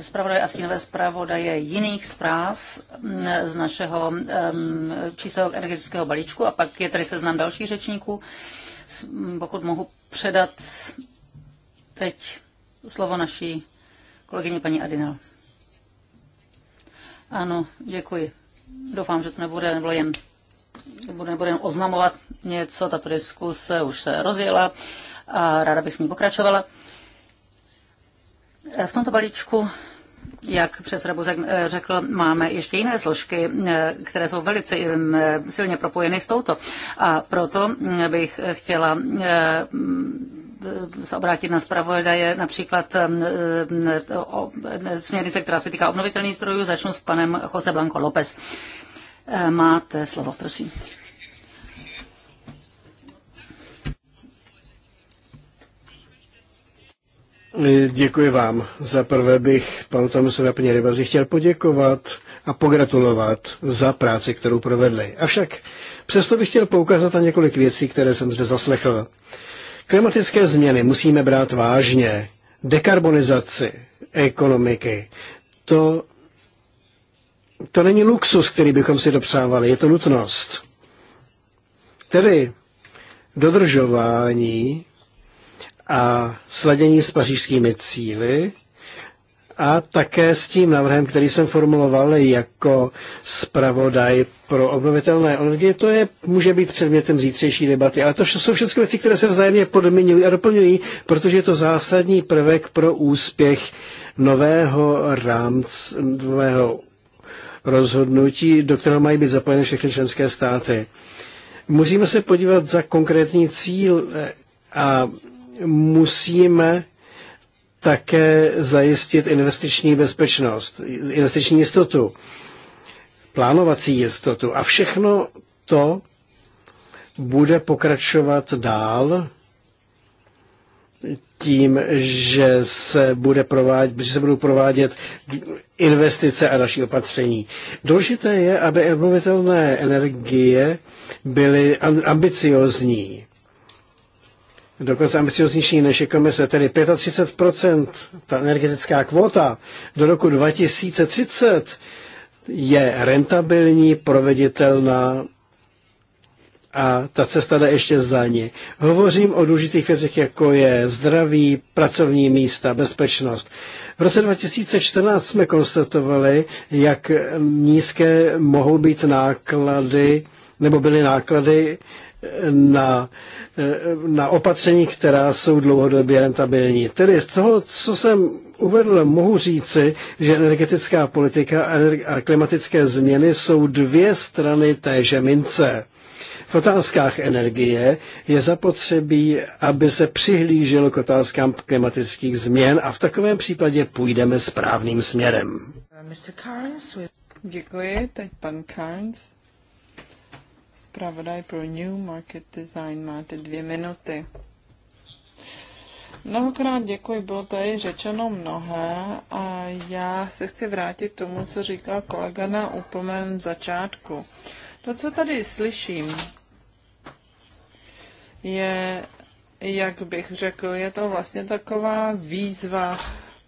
zpravodaje a stínové zpravodaje jiných zpráv mm, z našeho ehm, čísla energetického balíčku a pak je tady seznam dalších řečníků pokud mohu předat teď slovo naší kolegyně paní Adinel. Ano, děkuji. Doufám, že to nebude, nebude jen oznamovat něco, tato diskuse už se rozjela a ráda bych s ní pokračovala. V tomto balíčku jak předseda Buzek řekl, máme ještě jiné složky, eh, které jsou velice silně propojeny s touto. A proto eh, bych chtěla eh, se obrátit na zpravodaje, například směrnice, která se týká obnovitelných zdrojů. Začnu s panem Jose Blanco López. Máte slovo, prosím. Děkuji vám. Za prvé bych panu Tomusovi a paní Rybazi chtěl poděkovat a pogratulovat za práci, kterou provedli. Avšak přesto bych chtěl poukázat na několik věcí, které jsem zde zaslechl. Klimatické změny musíme brát vážně. Dekarbonizaci ekonomiky. To, to není luxus, který bychom si dopřávali, je to nutnost. Tedy dodržování a sladění s pařížskými cíly a také s tím návrhem, který jsem formuloval jako zpravodaj pro obnovitelné energie, to je, může být předmětem zítřejší debaty. Ale to jsou všechny věci, které se vzájemně podmiňují a doplňují, protože je to zásadní prvek pro úspěch nového rámce, nového rozhodnutí, do kterého mají být zapojeny všechny členské státy. Musíme se podívat za konkrétní cíl eh, a musíme také zajistit investiční bezpečnost, investiční jistotu, plánovací jistotu a všechno to bude pokračovat dál tím, že se, bude provádět, že se budou provádět investice a další opatření. Důležité je, aby obnovitelné energie byly ambiciozní dokonce ambicioznější než je komise, tedy 35 ta energetická kvota do roku 2030 je rentabilní, proveditelná a ta cesta jde ještě za ní. Hovořím o důležitých věcech, jako je zdraví, pracovní místa, bezpečnost. V roce 2014 jsme konstatovali, jak nízké mohou být náklady, nebo byly náklady na, na opatření, která jsou dlouhodobě rentabilní. Tedy z toho, co jsem uvedl, mohu říci, že energetická politika a klimatické změny jsou dvě strany téže mince. V otázkách energie je zapotřebí, aby se přihlíželo k otázkám klimatických změn a v takovém případě půjdeme správným směrem. Uh, Děkuji, teď pan Karns zpravodaj pro New Market Design. Máte dvě minuty. Mnohokrát děkuji, bylo tady řečeno mnohé a já se chci vrátit k tomu, co říkal kolega na úplném začátku. To, co tady slyším, je, jak bych řekl, je to vlastně taková výzva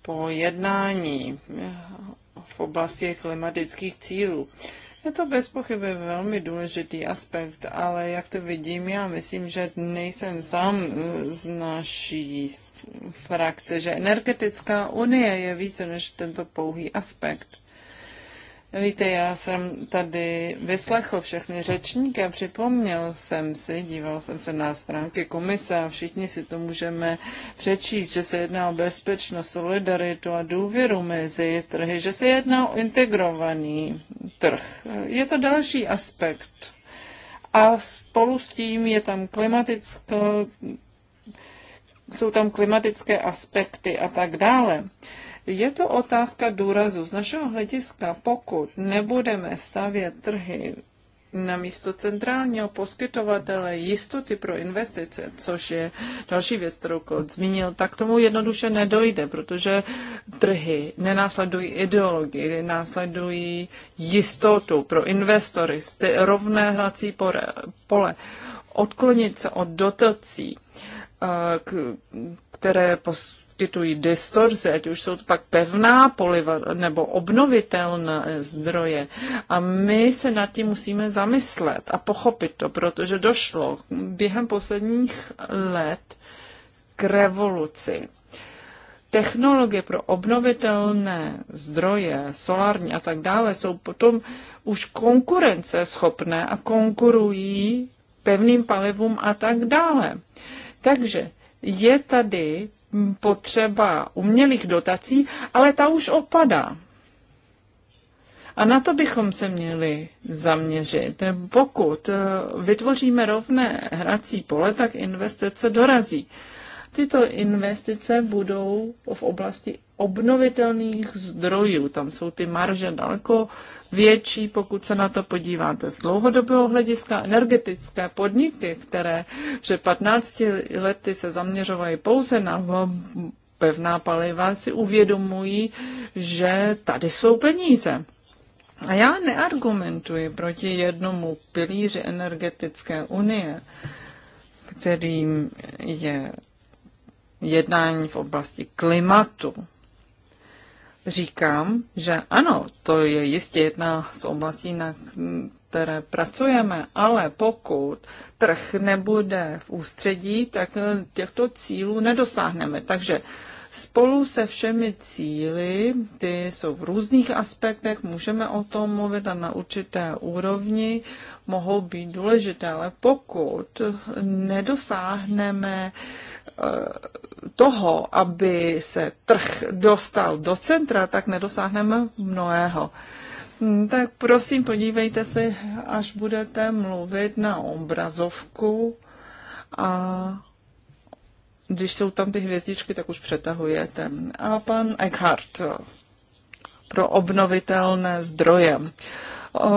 po jednání v oblasti klimatických cílů. Je to bez pochyby velmi důležitý aspekt, ale jak to vidím, já myslím, že nejsem sám eh, z naší frakce, že energetická unie je více než tento pouhý aspekt. Víte, já jsem tady vyslechl všechny řečníky a připomněl jsem si, díval jsem se na stránky komise a všichni si to můžeme přečíst, že se jedná o bezpečnost, solidaritu a důvěru mezi trhy, že se jedná o integrovaný trh. Je to další aspekt. A spolu s tím je tam klimatické, jsou tam klimatické aspekty a tak dále. Je to otázka důrazu. Z našeho hlediska, pokud nebudeme stavět trhy na místo centrálního poskytovatele jistoty pro investice, což je další věc, kterou Klod zmínil, tak tomu jednoduše nedojde, protože trhy nenásledují ideologii, následují jistotu pro investory, rovné hrací pole. Odklonit se od dotací, eh, které pos poskytují distorze, ať už jsou to pak pevná poliva nebo obnovitelné zdroje. A my se nad tím musíme zamyslet a pochopit to, protože došlo během posledních let k revoluci. Technologie pro obnovitelné zdroje, solární a tak dále, jsou potom už konkurenceschopné a konkurují pevným palivům a tak dále. Takže je tady potřeba umělých dotací, ale ta už opadá. A na to bychom se měli zaměřit. Pokud e, vytvoříme rovné hrací pole, tak investice dorazí. Tyto investice budou v oblasti obnovitelných zdrojů. Tam jsou ty marže daleko větší, pokud se na to podíváte z dlouhodobého hlediska. Energetické podniky, které před 15 lety se zaměřovaly pouze na pevná paliva, si uvědomují, že tady jsou peníze. A já neargumentuji proti jednomu pilíři energetické unie, kterým je jednání v oblasti klimatu. Říkám, že ano, to je jistě jedna z oblastí, na které pracujeme, ale pokud trh nebude v ústředí, tak těchto cílů nedosáhneme. Takže spolu se všemi cíly, ty jsou v různých aspektech, můžeme o tom mluvit a na určité úrovni mohou být důležité, ale pokud nedosáhneme toho, aby se trh dostal do centra, tak nedosáhneme mnohého. Hmm, tak prosím, podívejte se, až budete mluvit na obrazovku a když jsou tam ty hvězdičky, tak už přetahujete. A pan Eckhart pro obnovitelné zdroje.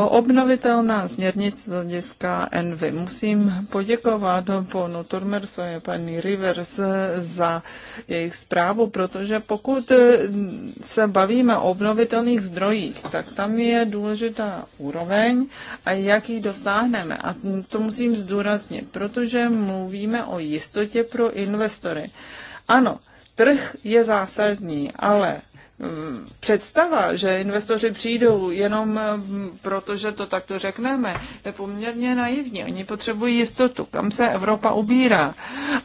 Obnovitelná směrnice z hlediska Envy. Musím poděkovat panu Turmerso a paní Rivers za jejich zprávu, protože pokud e, se bavíme o obnovitelných zdrojích, tak tam je důležitá úroveň a jak ji dosáhneme. A to musím zdůraznit, protože mluvíme o jistotě pro investory. Ano, trh je zásadní, ale představa, že investoři přijdou jenom mm, proto, že to takto řekneme, je poměrně naivní. Oni potřebují jistotu, kam se Evropa ubírá.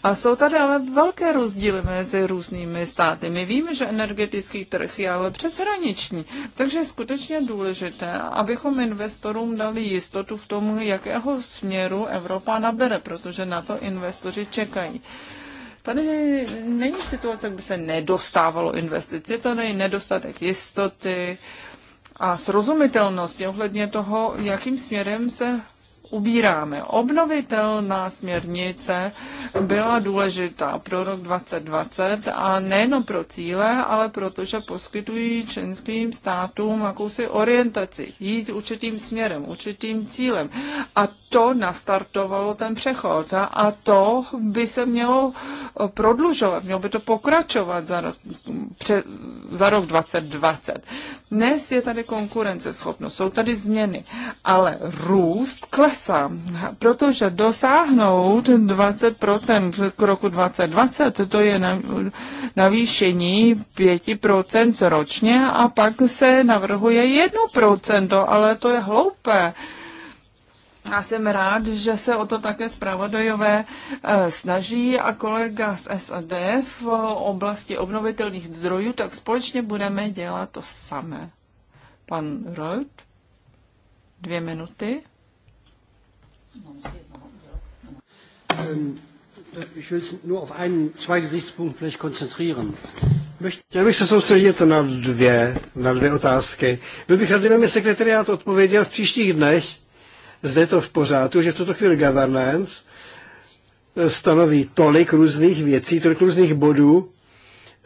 A jsou tady ale velké rozdíly mezi různými státy. My víme, že energetický trh je ale přeshraniční, takže je skutečně důležité, abychom investorům dali jistotu v tom, jakého směru Evropa nabere, protože na to investoři čekají. Tady není situace, kdy se nedostávalo investic. Je tady nedostatek jistoty a srozumitelnosti ohledně toho, jakým směrem se ubíráme. Obnovitelná směrnice byla důležitá pro rok 2020 a nejen pro cíle, ale protože poskytují členským státům jakousi orientaci, jít určitým směrem, určitým cílem. A to nastartovalo ten přechod a, a to by se mělo prodlužovat, mělo by to pokračovat za, pře, za rok 2020. Dnes je tady konkurenceschopnost, jsou tady změny, ale růst klesá klesla, protože dosáhnout 20% k roku 2020, to je navýšení 5% ročně a pak se navrhuje 1%, ale to je hloupé. Já jsem rád, že se o to také zpravodajové eh, snaží a kolega z SAD v oblasti obnovitelných zdrojů, tak společně budeme dělat to samé. Pan Rod, dvě minuty. Ähm, ich will nur auf einen, zwei Gesichtspunkte vielleicht konzentrieren. Chtěl bych se soustředit na dvě, na dvě otázky. Byl bych rád, kdyby mi sekretariát odpověděl v příštích dnech, zde je to v pořádku, že v tuto chvíli governance eh, stanoví tolik různých věcí, tolik různých bodů,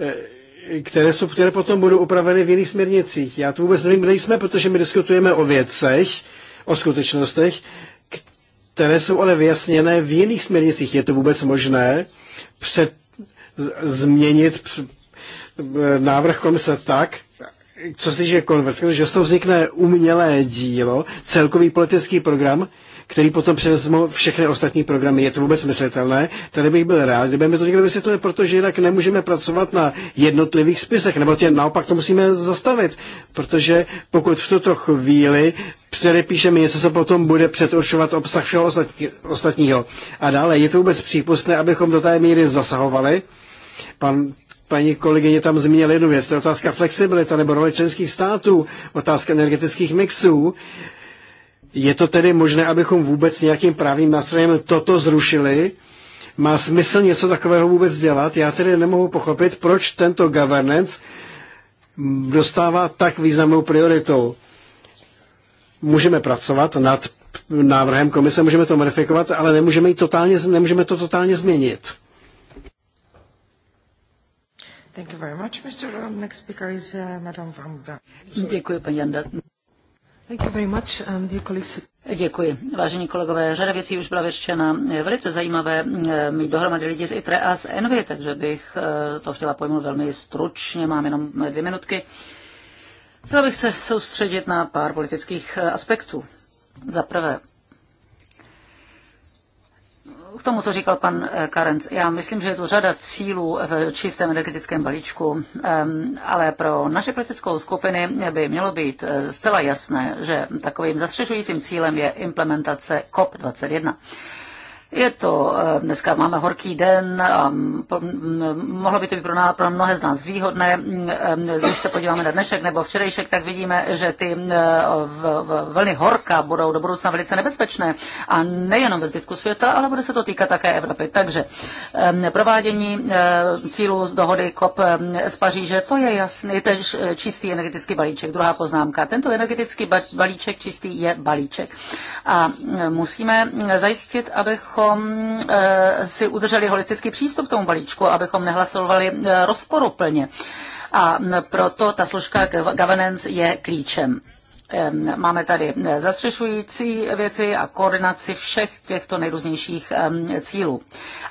eh, které, jsou, které potom budou upraveny v jiných směrnicích. Já to vůbec nevím, kde jsme, protože my diskutujeme o věcech, o skutečnostech, které jsou ale vyjasněné v jiných směrnicích. Je to vůbec možné před, změnit návrh komise tak, co se týče konverzky, že z toho vznikne umělé dílo, celkový politický program, který potom převezmou všechny ostatní programy. Je to vůbec myslitelné? Tady bych byl rád, kdyby mi to někdo vysvětlil, protože jinak nemůžeme pracovat na jednotlivých spisech, nebo tě naopak to musíme zastavit, protože pokud v tuto chvíli předepíšeme něco, co potom bude přetušovat obsah všeho ostatní, ostatního. A dále, je to vůbec přípustné, abychom do té míry zasahovali? Pan paní kolegyně tam zmínila jednu věc, to je otázka flexibilita nebo role členských států, otázka energetických mixů. Je to tedy možné, abychom vůbec nějakým právním nástrojem toto zrušili? Má smysl něco takového vůbec dělat? Já tedy nemohu pochopit, proč tento governance dostává tak významnou prioritou. Můžeme pracovat nad návrhem komise, můžeme to modifikovat, ale nemůžeme, totálně, nemůžeme to totálně změnit. Uh, Děkuji, paní Janda. Um, Děkuji. Vážení kolegové, řada věcí už byla vyřčena. velice zajímavé eh, mít dohromady lidi z ITRE a z ENVY, takže bych eh, to chtěla pojmout velmi stručně, mám jenom dvě minutky. Chtěla bych se soustředit na pár politických eh, aspektů. Za prvé, k tomu, co říkal pan eh, Karenc, já myslím, že je to řada cílů v čistém energetickém balíčku, ehm, ale pro naše politickou skupiny by mělo být eh, zcela jasné, že takovým zastřešujícím cílem je implementace COP21. Je to, eh, dneska máme horký den a mohlo by to být pro, nás, pro mnohé z nás výhodné. Když se podíváme na dnešek nebo včerejšek, tak vidíme, že ty eh, vlny horka budou do budoucna velice nebezpečné a nejenom ve zbytku světa, ale bude se to týkat také Evropy. Takže provádění eh, cílů z dohody COP z Paříže, to je jasný, to je čistý energetický balíček. Druhá poznámka. Tento energetický balíček čistý je balíček. A musíme zajistit, abychom abychom eh, si udrželi holistický přístup k tomu balíčku, abychom nehlasovali eh, rozporuplně. A proto ta složka governance je klíčem. Máme tady zastřešující věci a koordinaci všech těchto nejrůznějších cílů.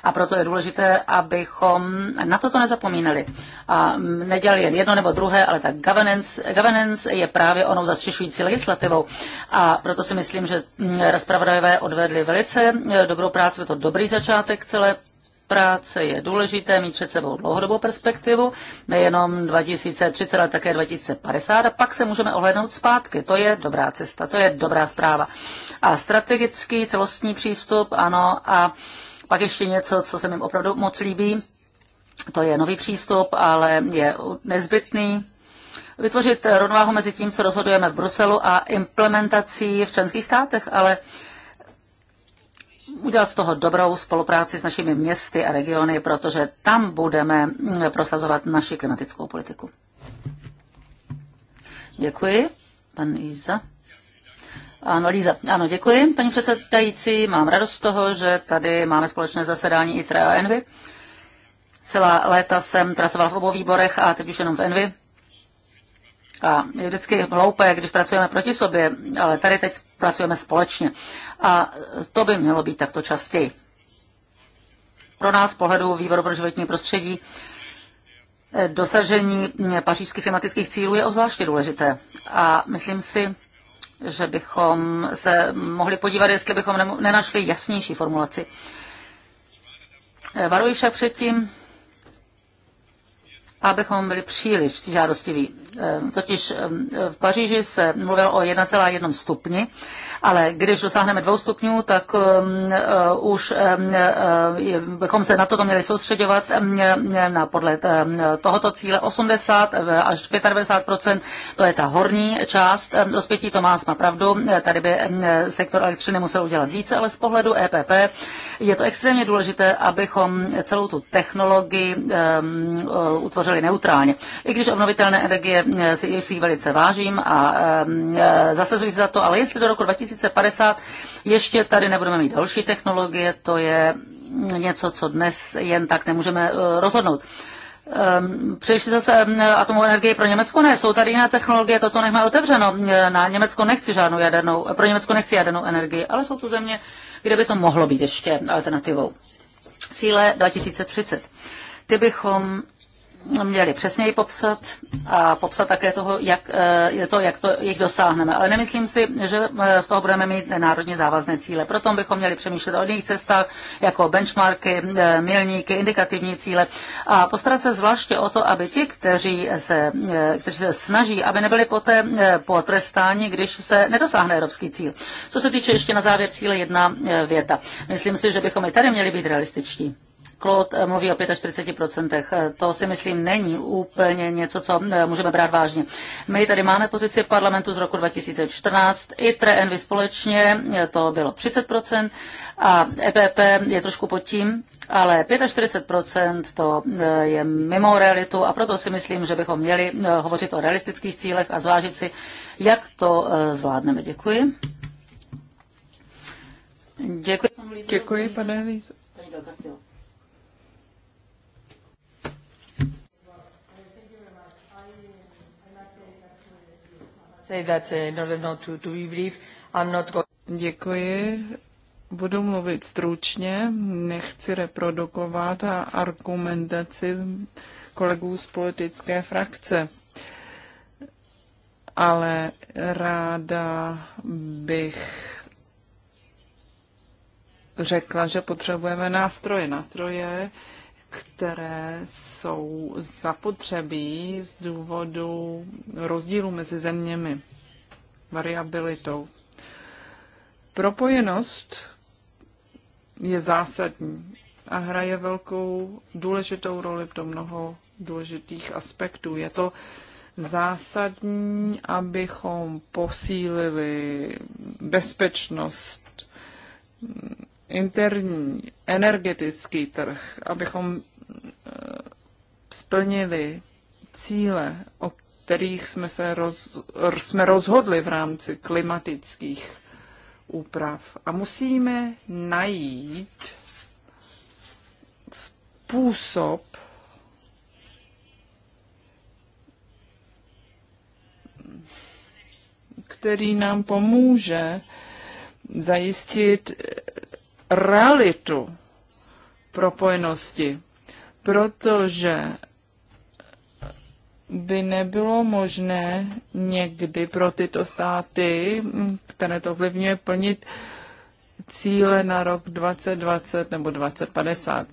A proto je důležité, abychom na toto nezapomínali a nedělali jen jedno nebo druhé, ale tak governance, governance je právě onou zastřešující legislativou. A proto si myslím, že rozpravodajové odvedli velice dobrou práci, je to dobrý začátek celé práce je důležité mít před sebou dlouhodobou perspektivu, nejenom 2030, ale také 2050 a pak se můžeme ohlédnout zpátky. To je dobrá cesta, to je dobrá zpráva. A strategický celostní přístup, ano, a pak ještě něco, co se mi opravdu moc líbí, to je nový přístup, ale je nezbytný, vytvořit rovnováhu mezi tím, co rozhodujeme v Bruselu a implementací v členských státech, ale udělat z toho dobrou spolupráci s našimi městy a regiony, protože tam budeme mm, prosazovat naši klimatickou politiku. Děkuji. Pan Líza. Ano, Líza. Ano, děkuji, paní předsedající. Mám radost z toho, že tady máme společné zasedání ITRE a ENVY. Celá léta jsem pracoval v obou výborech a teď už jenom v ENVY. A je vždycky hloupé, když pracujeme proti sobě, ale tady teď pracujeme společně. A to by mělo být takto častěji. Pro nás, pohledu Výboru pro životní prostředí, eh, dosažení eh, pařížských klimatických cílů je ozvláště důležité. A myslím si, že bychom se mohli podívat, jestli bychom nenašli jasnější formulaci. Eh, varuji však před tím, abychom byli příliš žádostiví. Ehm, totiž ehm, v Paříži se mluvilo o 1,1 stupni, ale když dosáhneme 2 stupňů, tak ehm, eh, už eh, bychom se na toto měli soustředovat eh, na podle tohoto cíle 80 až 95 to je ta horní část rozpětí, to má sma pravdu, tady by sektor elektřiny musel udělat více, ale z pohledu EPP je to extrémně důležité, abychom celou tu technologii utvořili vyjádřili neutrálně. I když obnovitelné energie eh, si, si velice vážím a ehm, eh, zasazují se za to, ale jestli do roku 2050 ještě tady nebudeme mít další technologie, to je něco, co dnes jen tak nemůžeme eh, rozhodnout. Ehm, přišli zase ehm, atomovou energii pro Německo? Ne, jsou tady jiné technologie, toto nechme otevřeno. Na Německo nechci žádnou jadernou, pro Německo nechci jadernou energii, ale jsou tu země, kde by to mohlo být ještě alternativou. Cíle 2030. Ty bychom měli přesněji popsat a popsat také toho, jak, eh, je to, jak to jich dosáhneme. Ale nemyslím si, že eh, z toho budeme mít národně závazné cíle. Proto bychom měli přemýšlet o jiných cestách, jako benchmarky, eh, milníky, indikativní cíle a postarat se zvláště o to, aby ti, kteří se, kteří se snaží, aby nebyli poté potrestáni, když se nedosáhne evropský cíl. Co se týče ještě na závěr cíle jedna věta. Myslím si, že bychom i tady měli být realističtí. Claude eh, mluví o 45%. Eh, to si myslím není úplně něco, co eh, můžeme brát vážně. My tady máme pozici parlamentu z roku 2014, i ENVY společně, to bylo 30% a EPP je trošku pod tím, ale 45% to je mimo realitu a proto si myslím, že bychom měli hovořit o realistických cílech a zvážit si, jak to zvládneme. Děkuji. Děkuji, Děkuji pane Lízo. Paní Děkuji. Budu mluvit stručně, nechci reprodukovat a argumentaci kolegů z politické frakce. Ale ráda bych řekla, že potřebujeme nástroje. Nástroje, které jsou zapotřebí z důvodu rozdílu mezi zeměmi, variabilitou. Propojenost je zásadní a hraje velkou důležitou roli do mnoho důležitých aspektů. Je to zásadní, abychom posílili bezpečnost interní energetický trh, abychom eh, splnili cíle, o kterých jsme se roz, jsme rozhodli v rámci klimatických úprav. A musíme najít způsob, který nám pomůže zajistit realitu propojenosti, protože by nebylo možné někdy pro tyto státy, které to ovlivňuje, plnit cíle na rok 2020 nebo 2050.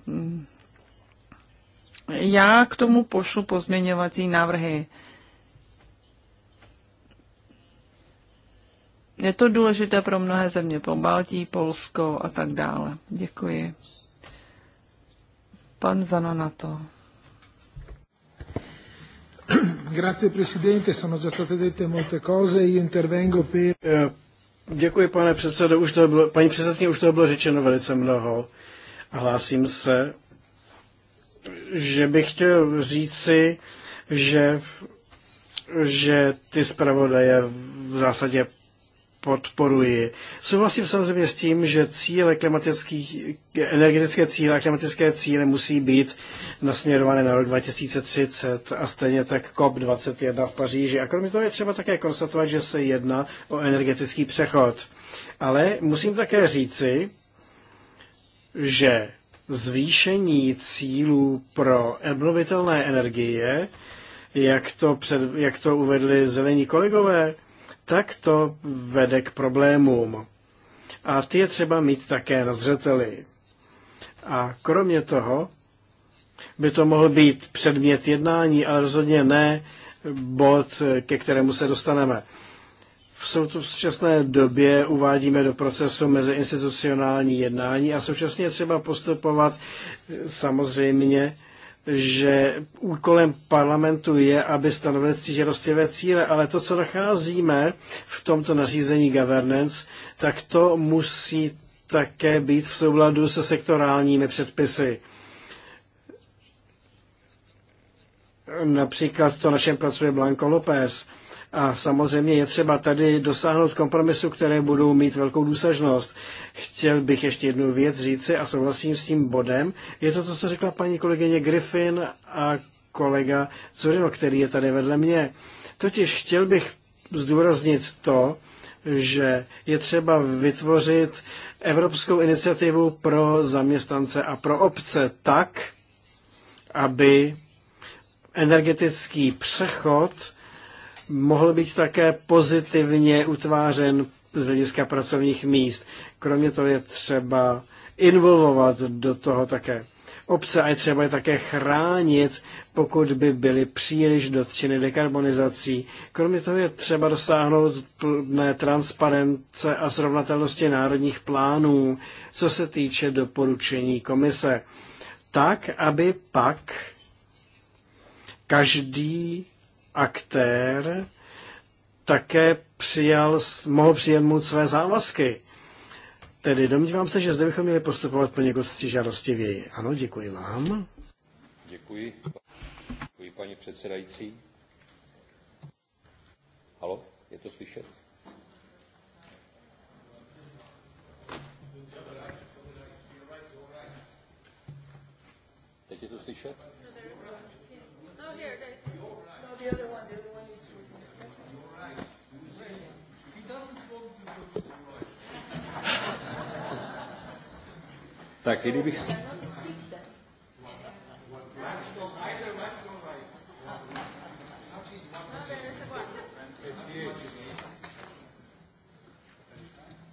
Já k tomu pošlu pozměňovací návrhy. je to důležité pro mnohé země, po Baltí, Polsko a tak dále. Děkuji. Pan to. Grazie Presidente, sono già state dette molte cose, io intervengo per... Eh, děkuji, pane předsedo, už to bylo, paní předsedkyně, už to bylo řečeno velice mnoho. A hlásím se, že bych chtěl říci, že, že ty zpravodaje v zásadě podporuji. Souhlasím samozřejmě s tím, že cíle klimatických, energetické cíle a klimatické cíle musí být nasměrované na rok 2030 a stejně tak COP21 v Paříži. A kromě toho je třeba také konstatovat, že se jedná o energetický přechod. Ale musím také říci, že zvýšení cílů pro obnovitelné energie, jak to, před, jak to uvedli zelení kolegové, tak to vede k problémům. A ty je třeba mít také na zřeteli. A kromě toho by to mohl být předmět jednání, ale rozhodně ne bod, ke kterému se dostaneme. V současné době uvádíme do procesu meziinstitucionální jednání a současně třeba postupovat samozřejmě že úkolem parlamentu je, aby stanovil cížerostivé cíle, ale to, co nacházíme v tomto nařízení governance, tak to musí také být v souladu se sektorálními předpisy. Například to našem pracuje Blanco López. A samozřejmě je třeba tady dosáhnout kompromisu, které budou mít velkou důsažnost. Chtěl bych ještě jednu věc říci a souhlasím s tím bodem. Je to to, co řekla paní kolegyně Griffin a kolega Zorino, který je tady vedle mě. Totiž chtěl bych zdůraznit to, že je třeba vytvořit evropskou iniciativu pro zaměstnance a pro obce tak, aby energetický přechod mohl být také pozitivně utvářen z hlediska pracovních míst. Kromě toho je třeba involvovat do toho také obce a je třeba je také chránit, pokud by byly příliš dotčeny dekarbonizací. Kromě toho je třeba dosáhnout plné transparence a srovnatelnosti národních plánů, co se týče doporučení komise. Tak, aby pak každý aktér také přijal, mohl přijmout své závazky. Tedy domnívám se, že zde bychom měli postupovat poněkud žádostivěji. Ano, děkuji vám. Děkuji. Děkuji, paní předsedající. Halo, je to slyšet? Teď je to slyšet? No, here, tak, kdybych...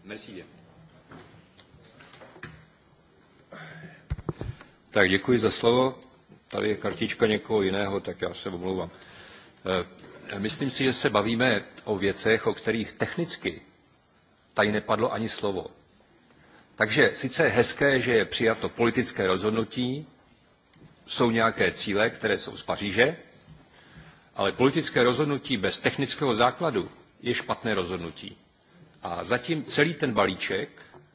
Merci Tak děkuji za slovo. Tady je kartička někoho jiného, tak já se omlouvám. Eh, myslím si, že se bavíme o věcech, o kterých technicky tady nepadlo ani slovo. Takže sice je hezké, že je přijato politické rozhodnutí, jsou nějaké cíle, které jsou z Paříže, ale politické rozhodnutí bez technického základu je špatné rozhodnutí. A zatím celý ten balíček,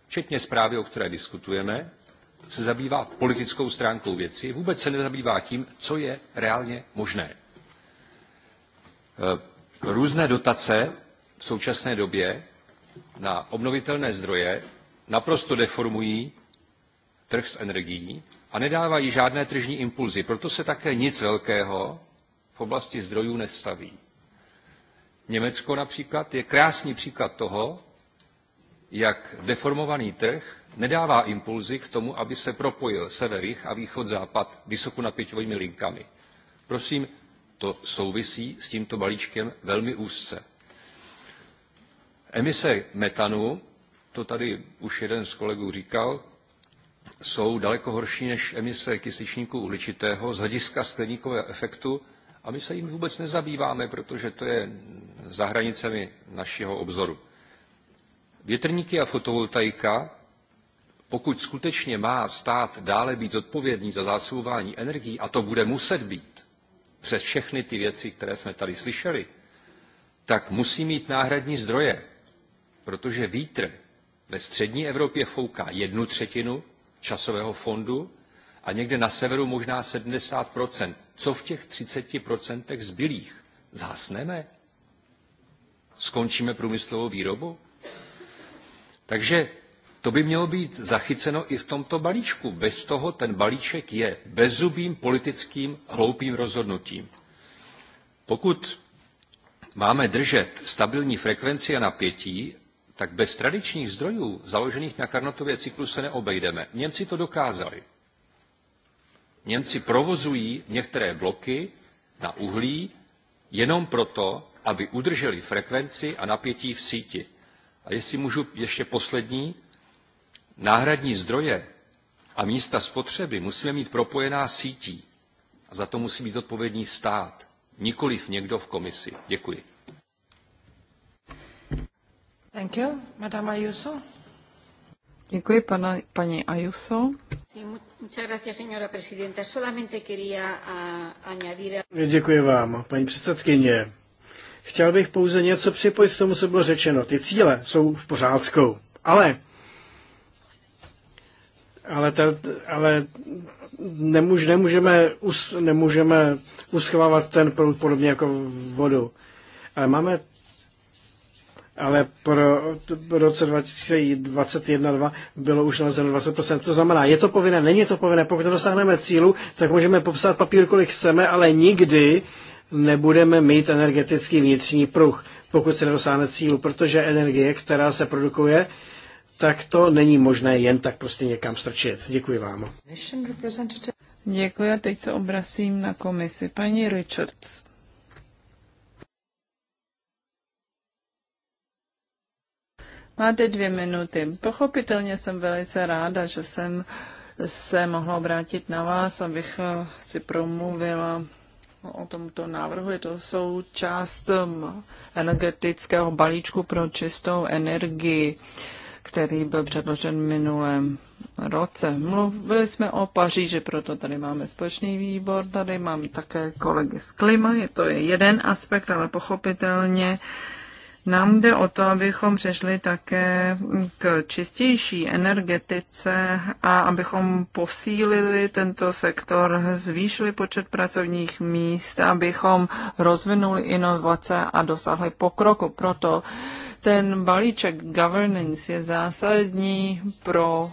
včetně zprávy, o které diskutujeme, se zabývá politickou stránkou věci, vůbec se nezabývá tím, co je reálně možné. Eh, různé dotace v současné době na obnovitelné zdroje naprosto deformují trh s energií a nedávají žádné tržní impulzy. Proto se také nic velkého v oblasti zdrojů nestaví. Německo například je krásný příklad toho, jak deformovaný trh nedává impulzy k tomu, aby se propojil sever, a východ, západ vysokonapěťovými linkami. Prosím, to souvisí s tímto balíčkem velmi úzce. Emise metanu, to tady už jeden z kolegů říkal, jsou daleko horší než emise kysličníku uhličitého z hlediska skleníkového efektu a my se jim vůbec nezabýváme, protože to je za hranicemi našeho obzoru. Větrníky a fotovoltaika, pokud skutečně má stát dále být zodpovědný za zásobování energií, a to bude muset být, přes všechny ty věci, které jsme tady slyšeli, tak musí mít náhradní zdroje, protože vítr ve střední Evropě fouká jednu třetinu časového fondu a někde na severu možná 70 Co v těch 30 zbylých? Zhasneme? Skončíme průmyslovou výrobu? Takže to by mělo být zachyceno i v tomto balíčku. Bez toho ten balíček je bezubým politickým hloupým rozhodnutím. Pokud máme držet stabilní frekvenci a napětí, tak bez tradičních zdrojů založených na Karnotově cyklu se neobejdeme. Němci to dokázali. Němci provozují některé bloky na uhlí jenom proto, aby udrželi frekvenci a napětí v síti. A jestli můžu ještě poslední, Náhradní zdroje a místa spotřeby musíme mít propojená sítí. A za to musí být odpovědný stát, nikoliv někdo v komisi. Děkuji. Thank you, Madame Ayuso. Děkuji, pana, paní Ayuso. Děkuji vám, paní předsedkyně. Chtěl bych pouze něco připojit k tomu, co bylo řečeno. Ty cíle jsou v pořádku, ale ale, ta, ale nemůž, nemůžeme, us, nemůžeme uschovávat ten proud podobně jako vodu. Ale máme ale pro, pro roce 2021-2 bylo už nalezeno 20%. To znamená, je to povinné, není to povinné. Pokud dosáhneme cílu, tak můžeme popsat papír, kolik chceme, ale nikdy nebudeme mít energetický vnitřní pruh, pokud se nedosáhne cílu, protože energie, která se produkuje, tak to není možné jen tak prostě někam strčit. Děkuji vám. Děkuji a teď se obrasím na komisi. Paní Richards. Máte dvě minuty. Pochopitelně jsem velice ráda, že jsem se mohla obrátit na vás, abych eh, si promluvila o tomto návrhu. Je to součást mm, energetického balíčku pro čistou energii který byl předložen minulém roce. Mluvili jsme o Paříži, proto tady máme společný výbor, tady mám také kolegy z klima, je to jeden aspekt, ale pochopitelně nám jde o to, abychom přešli také k čistější energetice a abychom posílili tento sektor, zvýšili počet pracovních míst, abychom rozvinuli inovace a dosáhli pokroku. Proto ten balíček governance je zásadní pro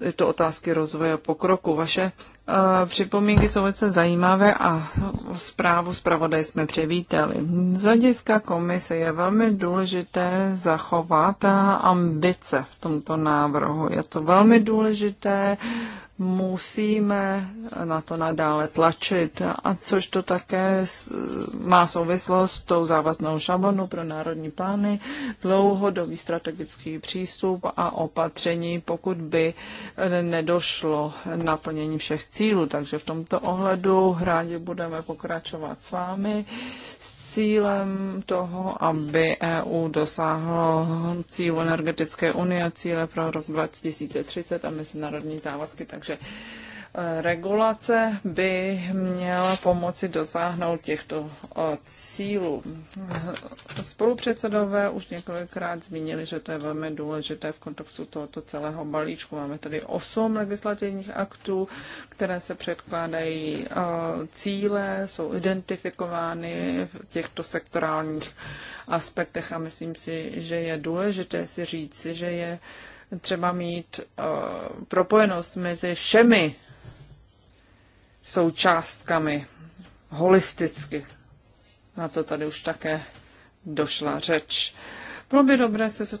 je to otázky rozvoje a pokroku. Vaše eh, připomínky jsou velice zajímavé a zprávu zpravodaj jsme převítali. Z hlediska komise je velmi důležité zachovat ambice v tomto návrhu. Je to velmi důležité musíme na to nadále tlačit, a což to také má souvislost s tou závaznou šablonu pro národní plány, dlouhodobý strategický přístup a opatření, pokud by nedošlo naplnění všech cílů. Takže v tomto ohledu rádi budeme pokračovat s vámi s cílem toho, aby EU dosáhlo cílu energetické unie, cíle pro rok 2030 a mezinárodní závazky. Takže regulace by měla pomoci dosáhnout těchto eh, cílů. Spolupředsedové už několikrát zmínili, že to je velmi důležité v kontextu tohoto celého balíčku. Máme tady osm legislativních aktů, které se předkládají eh, cíle, jsou identifikovány v těchto sektorálních aspektech a myslím si, že je důležité si říci, že je třeba mít uh, propojenost mezi všemi jsou částkami holisticky. Na to tady už také došla řeč. Bylo by dobré se se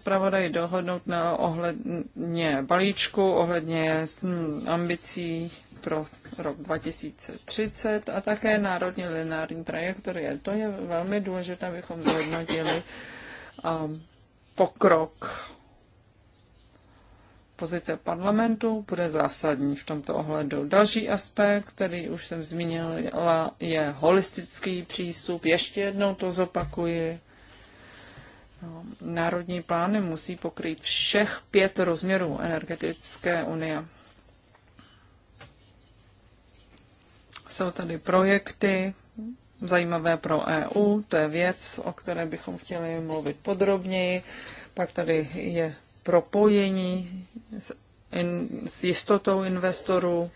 dohodnout na ohledně balíčku, ohledně hm, ambicí pro rok 2030 a také národní lineární trajektorie. To je velmi důležité, abychom zhodnotili pokrok pozice parlamentu bude zásadní v tomto ohledu. Další aspekt, který už jsem zmínila, je holistický přístup. Ještě jednou to zopakuji. No, národní plány musí pokrýt všech pět rozměrů energetické unie. Jsou tady projekty zajímavé pro EU, to je věc, o které bychom chtěli mluvit podrobněji. Pak tady je propojení s, in, s jistotou investorů,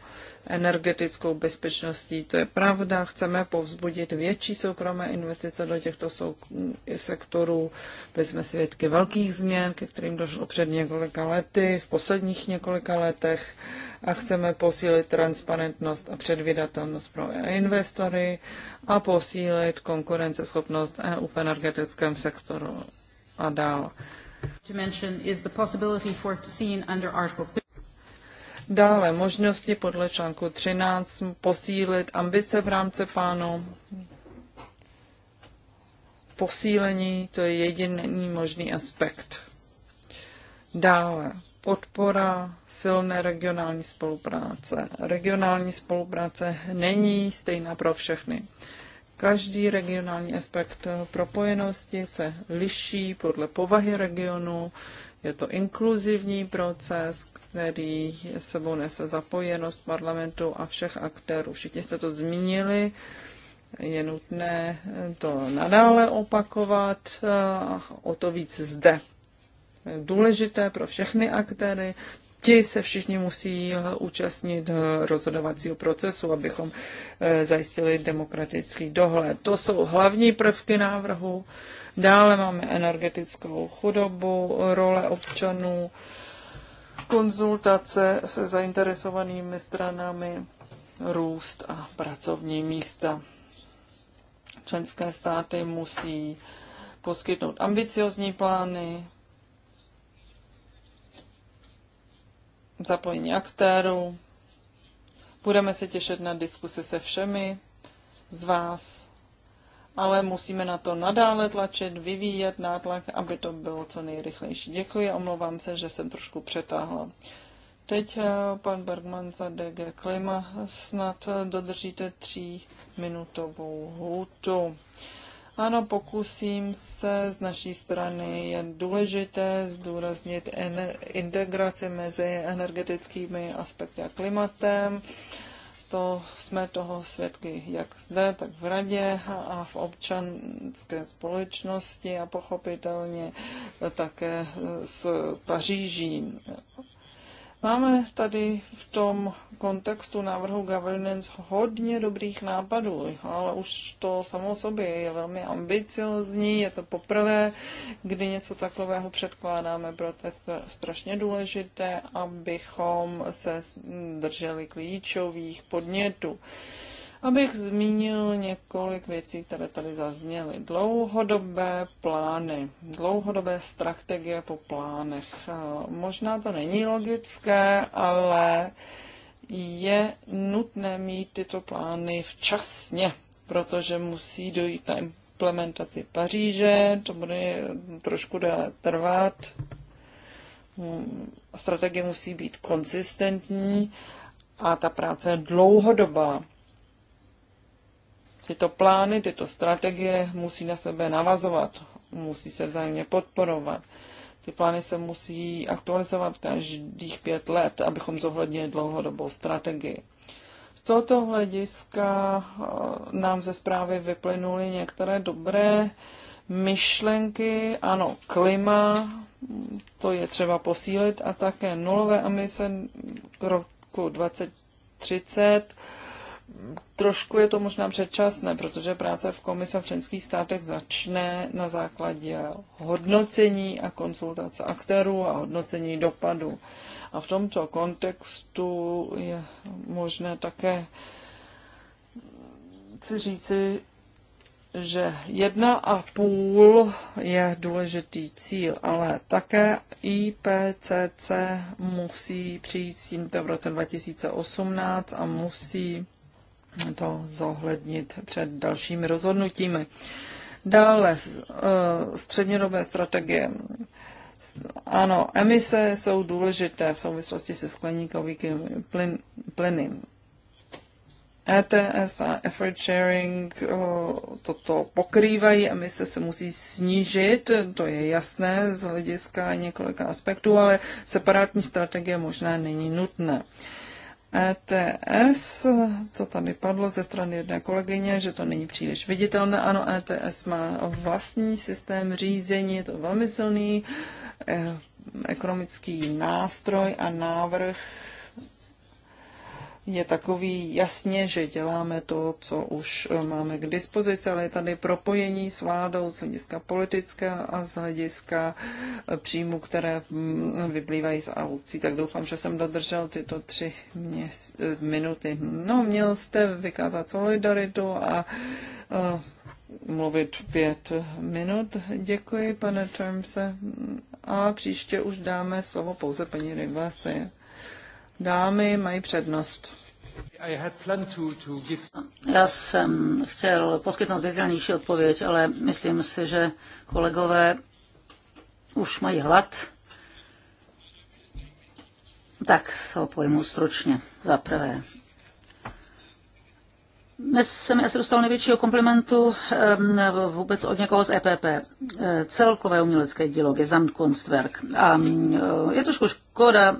energetickou bezpečností. To je pravda, chceme povzbudit větší soukromé investice do těchto sektorů. Byli jsme svědky velkých změn, ke kterým došlo před několika lety, v posledních několika letech a chceme posílit transparentnost a předvídatelnost pro investory a posílit konkurenceschopnost EU v energetickém sektoru a dál. Dále možnosti podle článku 13 posílit ambice v rámci pánu. Posílení to je jediný možný aspekt. Dále podpora silné regionální spolupráce. Regionální spolupráce není stejná pro všechny. Každý regionální aspekt propojenosti se liší podle povahy regionu. Je to inkluzivní proces, který sebou nese zapojenost parlamentu a všech aktérů. Všichni jste to zmínili. Je nutné to nadále opakovat, o to víc zde důležité pro všechny aktéry, ti se všichni musí eh, účastnit eh, rozhodovacího procesu, abychom eh, zajistili demokratický dohled. To jsou hlavní prvky návrhu. Dále máme energetickou chudobu, role občanů, konzultace se zainteresovanými stranami, růst a pracovní místa. Členské státy musí poskytnout ambiciozní plány, zapojení aktérů. Budeme se těšit na diskuse se všemi z vás, ale musíme na to nadále tlačit, vyvíjet nátlak, aby to bylo co nejrychlejší. Děkuji, omlouvám se, že jsem trošku přetáhla. Teď eh, pan Bergman za DG Klima snad dodržíte tří minutovou hůtu. Ano, pokusím se z naší strany. Je důležité zdůraznit integraci mezi energetickými aspekty a klimatem. To jsme toho svědky jak zde, tak v radě a v občanské společnosti a pochopitelně také s Paříží. Máme tady v tom kontextu návrhu governance hodně dobrých nápadů, ale už to samo sobě je velmi ambiciozní, je to poprvé, kdy něco takového předkládáme, proto je strašně důležité, abychom se drželi klíčových podnětů abych zmínil několik věcí, které tady zazněly. Dlouhodobé plány, dlouhodobé strategie po plánech. Možná to není logické, ale je nutné mít tyto plány včasně, protože musí dojít na implementaci Paříže, to bude trošku déle trvat. Strategie musí být konsistentní a ta práce je dlouhodobá. Tyto plány, tyto strategie musí na sebe navazovat, musí se vzájemně podporovat. Ty plány se musí aktualizovat každých pět let, abychom zohlednili dlouhodobou strategii. Z tohoto hlediska eh, nám ze zprávy vyplynuly některé dobré myšlenky, ano, klima, to je třeba posílit a také nulové emise k roku 2030 trošku je to možná předčasné, protože práce v komise v členských státech začne na základě hodnocení a konzultace aktérů a hodnocení dopadu. A v tomto kontextu je možné také si říci, že jedna a půl je důležitý cíl, ale také IPCC musí přijít s tímto v roce 2018 a musí to zohlednit před dalšími rozhodnutími. Dále eh, střednědobé strategie. Ano, emise jsou důležité v souvislosti se skleníkovými plyn, plyny. ETS a effort sharing eh, toto pokrývají, emise se musí snížit, to je jasné z hlediska několika aspektů, ale separátní strategie možná není nutné. ETS, to tady padlo ze strany jedné kolegyně, že to není příliš viditelné. Ano, ETS má vlastní systém řízení, je to velmi silný eh, ekonomický nástroj a návrh je takový jasně, že děláme to, co už eh, máme k dispozici, ale je tady propojení s vládou z hlediska politické a z hlediska eh, příjmu, které mm, vyplývají z aukcí. Tak doufám, že jsem dodržel tyto tři měs- eh, minuty. No, měl jste vykázat solidaritu a mluvit pět minut. Děkuji, pane Trumse. A příště už dáme slovo pouze paní Rivase. Dámy mají přednost. Já jsem chtěl poskytnout detailnější odpověď, ale myslím si, že kolegové už mají hlad. Tak to pojmu stručně. Za prvé, dnes mi asi dostal největšího komplimentu vůbec od někoho z EPP. Eh, celkové umělecké dílo Gesamtkunstwerk. A mm, eh, je trošku škoda,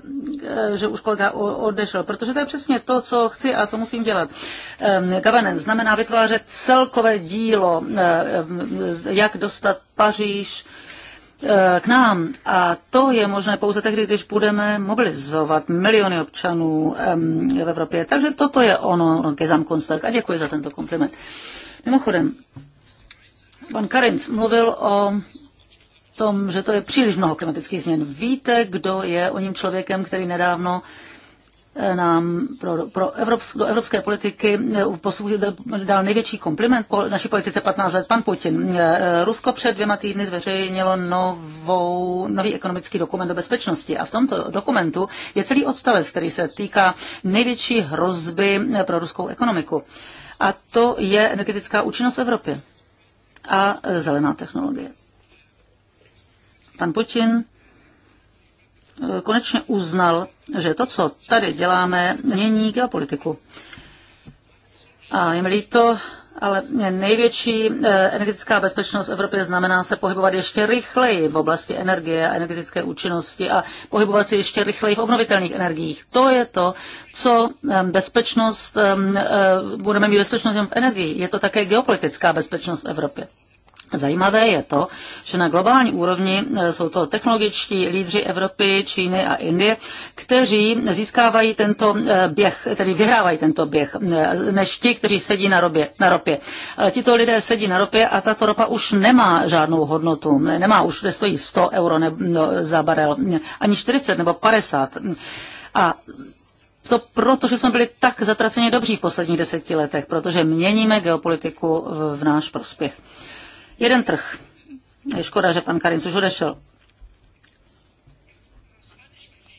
eh, že už kolega odešel, protože to je přesně to, co chci a co musím dělat. Governance znamená vytvářet celkové dílo, jak dostat Paříž, Eh, k nám. A to je možné pouze tehdy, když budeme mobilizovat miliony občanů v Evropě. Takže toto je ono, Gesamtkunstwerk. A děkuji za tento kompliment. Mimochodem, pan Karinc mluvil o tom, že to je příliš mnoho klimatických změn. Víte, kdo je o ním člověkem, který nedávno nám pro, pro evropsk, do evropské politiky eh, dal největší kompliment po naší politice 15 let pan Putin. Eh, Rusko před dvěma týdny zveřejnilo novou, nový ekonomický dokument do bezpečnosti a v tomto dokumentu je celý odstavec, který se týká největší hrozby eh, pro ruskou ekonomiku. A to je energetická účinnost v Evropě a zelená technologie. Pan Putin konečně uznal, že to, co tady děláme, mění geopolitiku. A je mi líto, ale největší eh, energetická bezpečnost v Evropě znamená se pohybovat ještě rychleji v oblasti energie a energetické účinnosti a pohybovat se ještě rychleji v obnovitelných energiích. To je to, co eh, bezpečnost, eh, budeme mít bezpečnost v energii. Je to také geopolitická bezpečnost v Evropě. Zajímavé je to, že na globální úrovni e, jsou to technologičtí lídři Evropy, Číny a Indie, kteří získávají tento e, běh, tedy vyhrávají tento běh, e, než ti, kteří sedí na, robě, na ropě. Ale tito lidé sedí na ropě a tato ropa už nemá žádnou hodnotu, nemá už, kde stojí 100 euro ne, no, za barel, ani 40 nebo 50. A to proto, že jsme byli tak zatraceně dobří v posledních deseti letech, protože měníme geopolitiku v náš prospěch. Jeden trh. Je škoda, že pan Karin už odešel.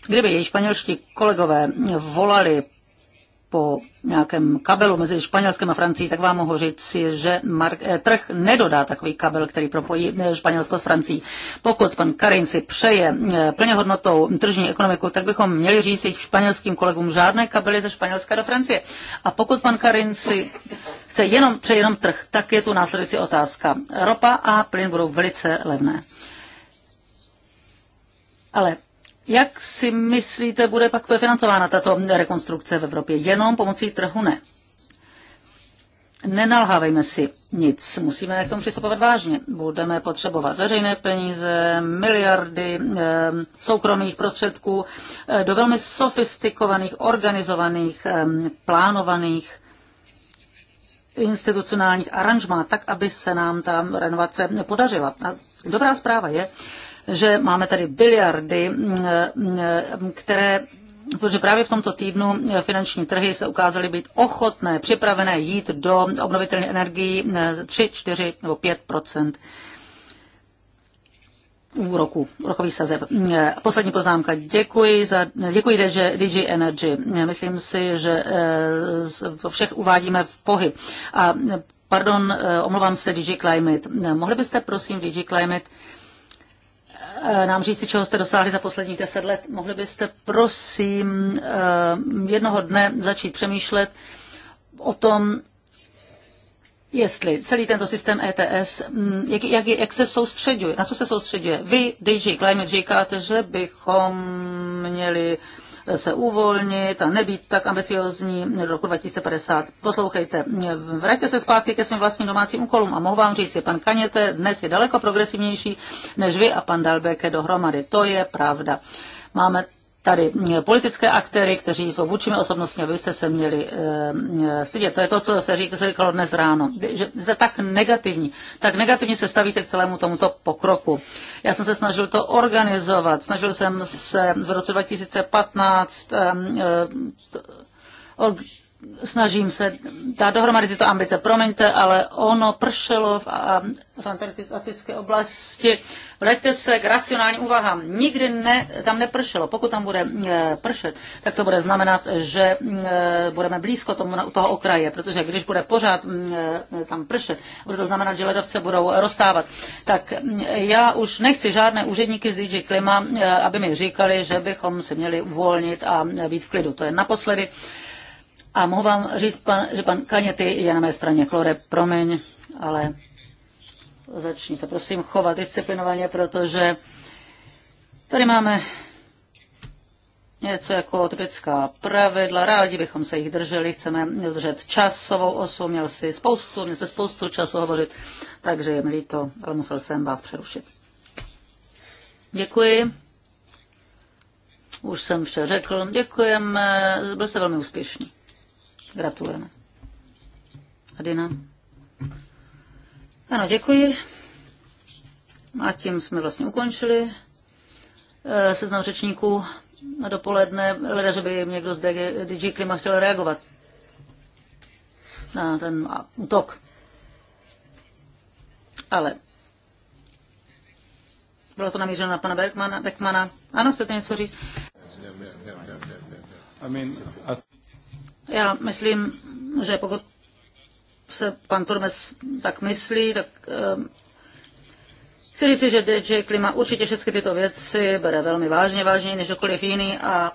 Kdyby španělští kolegové volali po nějakém kabelu mezi Španělskem a Francií, tak vám mohu říct, že eh, trh nedodá takový kabel, který propojí eh, Španělsko s Francií. Pokud pan Karin si přeje eh, plněhodnotou tržní ekonomiku, tak bychom měli říct jejich španělským kolegům žádné kabely ze Španělska do Francie. A pokud pan Karin si chce jenom, přeje jenom trh, tak je tu následující otázka. Ropa a plyn budou velice levné. Ale jak si myslíte, bude pak financována tato rekonstrukce v Evropě? Jenom pomocí trhu ne. Nenalhávejme si nic. Musíme k tomu přistupovat vážně. Budeme potřebovat veřejné peníze, miliardy soukromých prostředků eh, do velmi sofistikovaných, organizovaných, plánovaných institucionálních aranžmá, tak, aby se nám ta renovace podařila. A dobrá zpráva je, že máme tady biliardy, mm, mm, které protože právě v tomto týdnu finanční trhy se ukázaly být ochotné, připravené jít do obnovitelné energii mm, 3, 4 nebo 5 úroku, úrokový sazeb. Poslední poznámka. Děkuji, za, děkuji že DJ Energy. Myslím si, že eh, to všech uvádíme v pohyb. A pardon, eh, omlouvám se DJ Climate. Mohli byste prosím DJ Climate Eh, nám říci, čeho jste dosáhli za posledních deset let. Mohli byste prosím eh, jednoho dne začít přemýšlet o tom, jestli celý tento systém ETS, mm, jak, jak, jak se soustředuje, na co se soustředuje. Vy, DG Climate, říkáte, že bychom měli uh, se uvolnit a nebýt tak ambiciozní do roku 2050. Poslouchejte, vraťte se zpátky ke svým vlastním domácím úkolům a mohu vám říct, že pan Kaněte dnes je daleko progresivnější než vy a pan Dalbeke dohromady. To je pravda. Máme tady mm, politické aktéry, kteří jsou vůčími osobnostmi, jste se měli e, stydět. To je to, co se, řík, se říkalo dnes ráno. Že jste tak negativní, tak negativně se stavíte k celému tomuto pokroku. Já jsem se snažil to organizovat, snažil jsem se v roce 2015 e, e, snažím se dát dohromady tyto ambice. Promiňte, ale ono pršelo v, v antarktické oblasti. Vraťte se k racionální úvahám. Nikdy ne, tam nepršelo. Pokud tam bude e, pršet, tak to bude znamenat, že e, budeme blízko tomu, toho okraje, protože když bude pořád e, tam pršet, bude to znamenat, že ledovce budou rozstávat. Tak já už nechci žádné úředníky z DJ Klima, aby mi říkali, že bychom se měli uvolnit a být v klidu. To je naposledy. A mohu vám říct, pan, že pan Kaněty je na mé straně. Klore, promiň, ale začni se prosím chovat disciplinovaně, protože tady máme něco jako typická pravidla, rádi bychom se jich drželi, chceme držet časovou osu, měl si spoustu, měl jste spoustu času hovořit, takže je mi líto, ale musel jsem vás přerušit. Děkuji. Už jsem vše řekl. Děkujeme, byl jste velmi úspěšný. Gratulujeme. Adina. Ano, děkuji. A tím jsme vlastně ukončili eh, seznam řečníků na dopoledne. Leda, že by někdo z DG Klima chtěl reagovat na ten útok. Ale bylo to namířeno na pana Beckmana. Ano, chcete něco říct? I mean, I já myslím, že pokud se pan Turmes tak myslí, tak ehm, chci říci, že DJ Klima určitě všechny tyto věci bere velmi vážně, vážněji než kdokoliv jiný a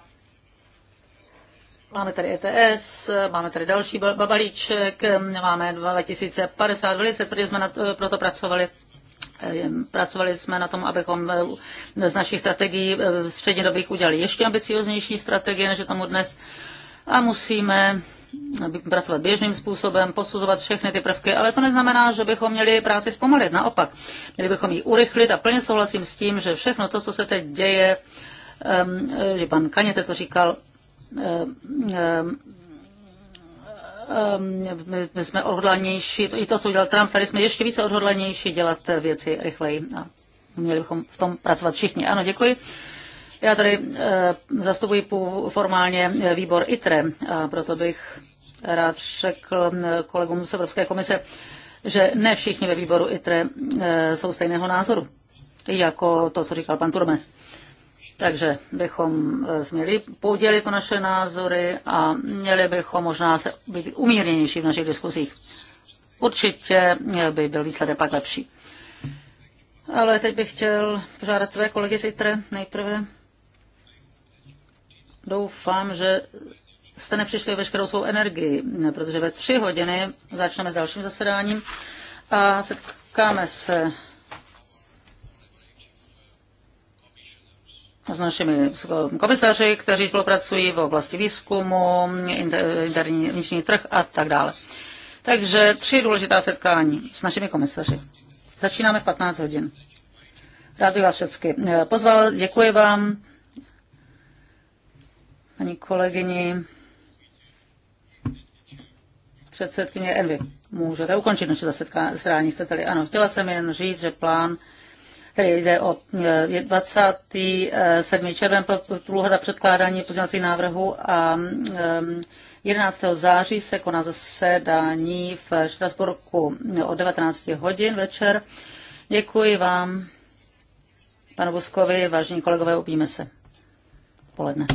Máme tady ETS, máme tady další babalíček. Ehm, máme 2050, velice tvrdě jsme na, proto pracovali. Ehm, pracovali jsme na tom, abychom z našich strategií v střednědobých udělali ještě ambicioznější strategie, než je tomu dnes a musíme pracovat běžným způsobem, posuzovat všechny ty prvky, ale to neznamená, že bychom měli práci zpomalit. Naopak, měli bychom ji urychlit a plně souhlasím s tím, že všechno to, co se teď děje, eh, že pan Kaněte to říkal, my, my jsme odhodlanější, i to, co udělal Trump, tady jsme ještě více odhodlanější dělat věci rychleji a měli bychom v tom pracovat všichni. Ano, děkuji. Já tady eh, zastupuji formálně výbor ITRE, a proto bych rád řekl eh, kolegům z Evropské komise, že ne všichni ve výboru ITRE eh, jsou stejného názoru, jako to, co říkal pan Turmes. Takže bychom měli podělit to naše názory a měli bychom možná se být umírněnější v našich diskuzích. Určitě by byl výsledek pak lepší. Ale teď bych chtěl požádat své kolegy z ITRE nejprve, doufám, že jste nepřišli veškerou svou energii, protože ve tři hodiny začneme s dalším zasedáním a setkáme se s našimi komisaři, kteří spolupracují v oblasti výzkumu, interní vnitřní trh a tak dále. Takže tři důležitá setkání s našimi komisaři. Začínáme v 15 hodin. Rád bych vás všechny eh, pozval, děkuji vám paní kolegyni předsedkyně Envy. Můžete ukončit naše zasedání, chcete-li? Ano, chtěla jsem jen říct, že plán který jde o 27. E, e, červen a předkládání pozměňovacích návrhů a 11. E, září se koná zasedání v Štrasburku o 19 hodin večer. Děkuji vám, panu Buskovi, vážení kolegové, uvidíme se poledne.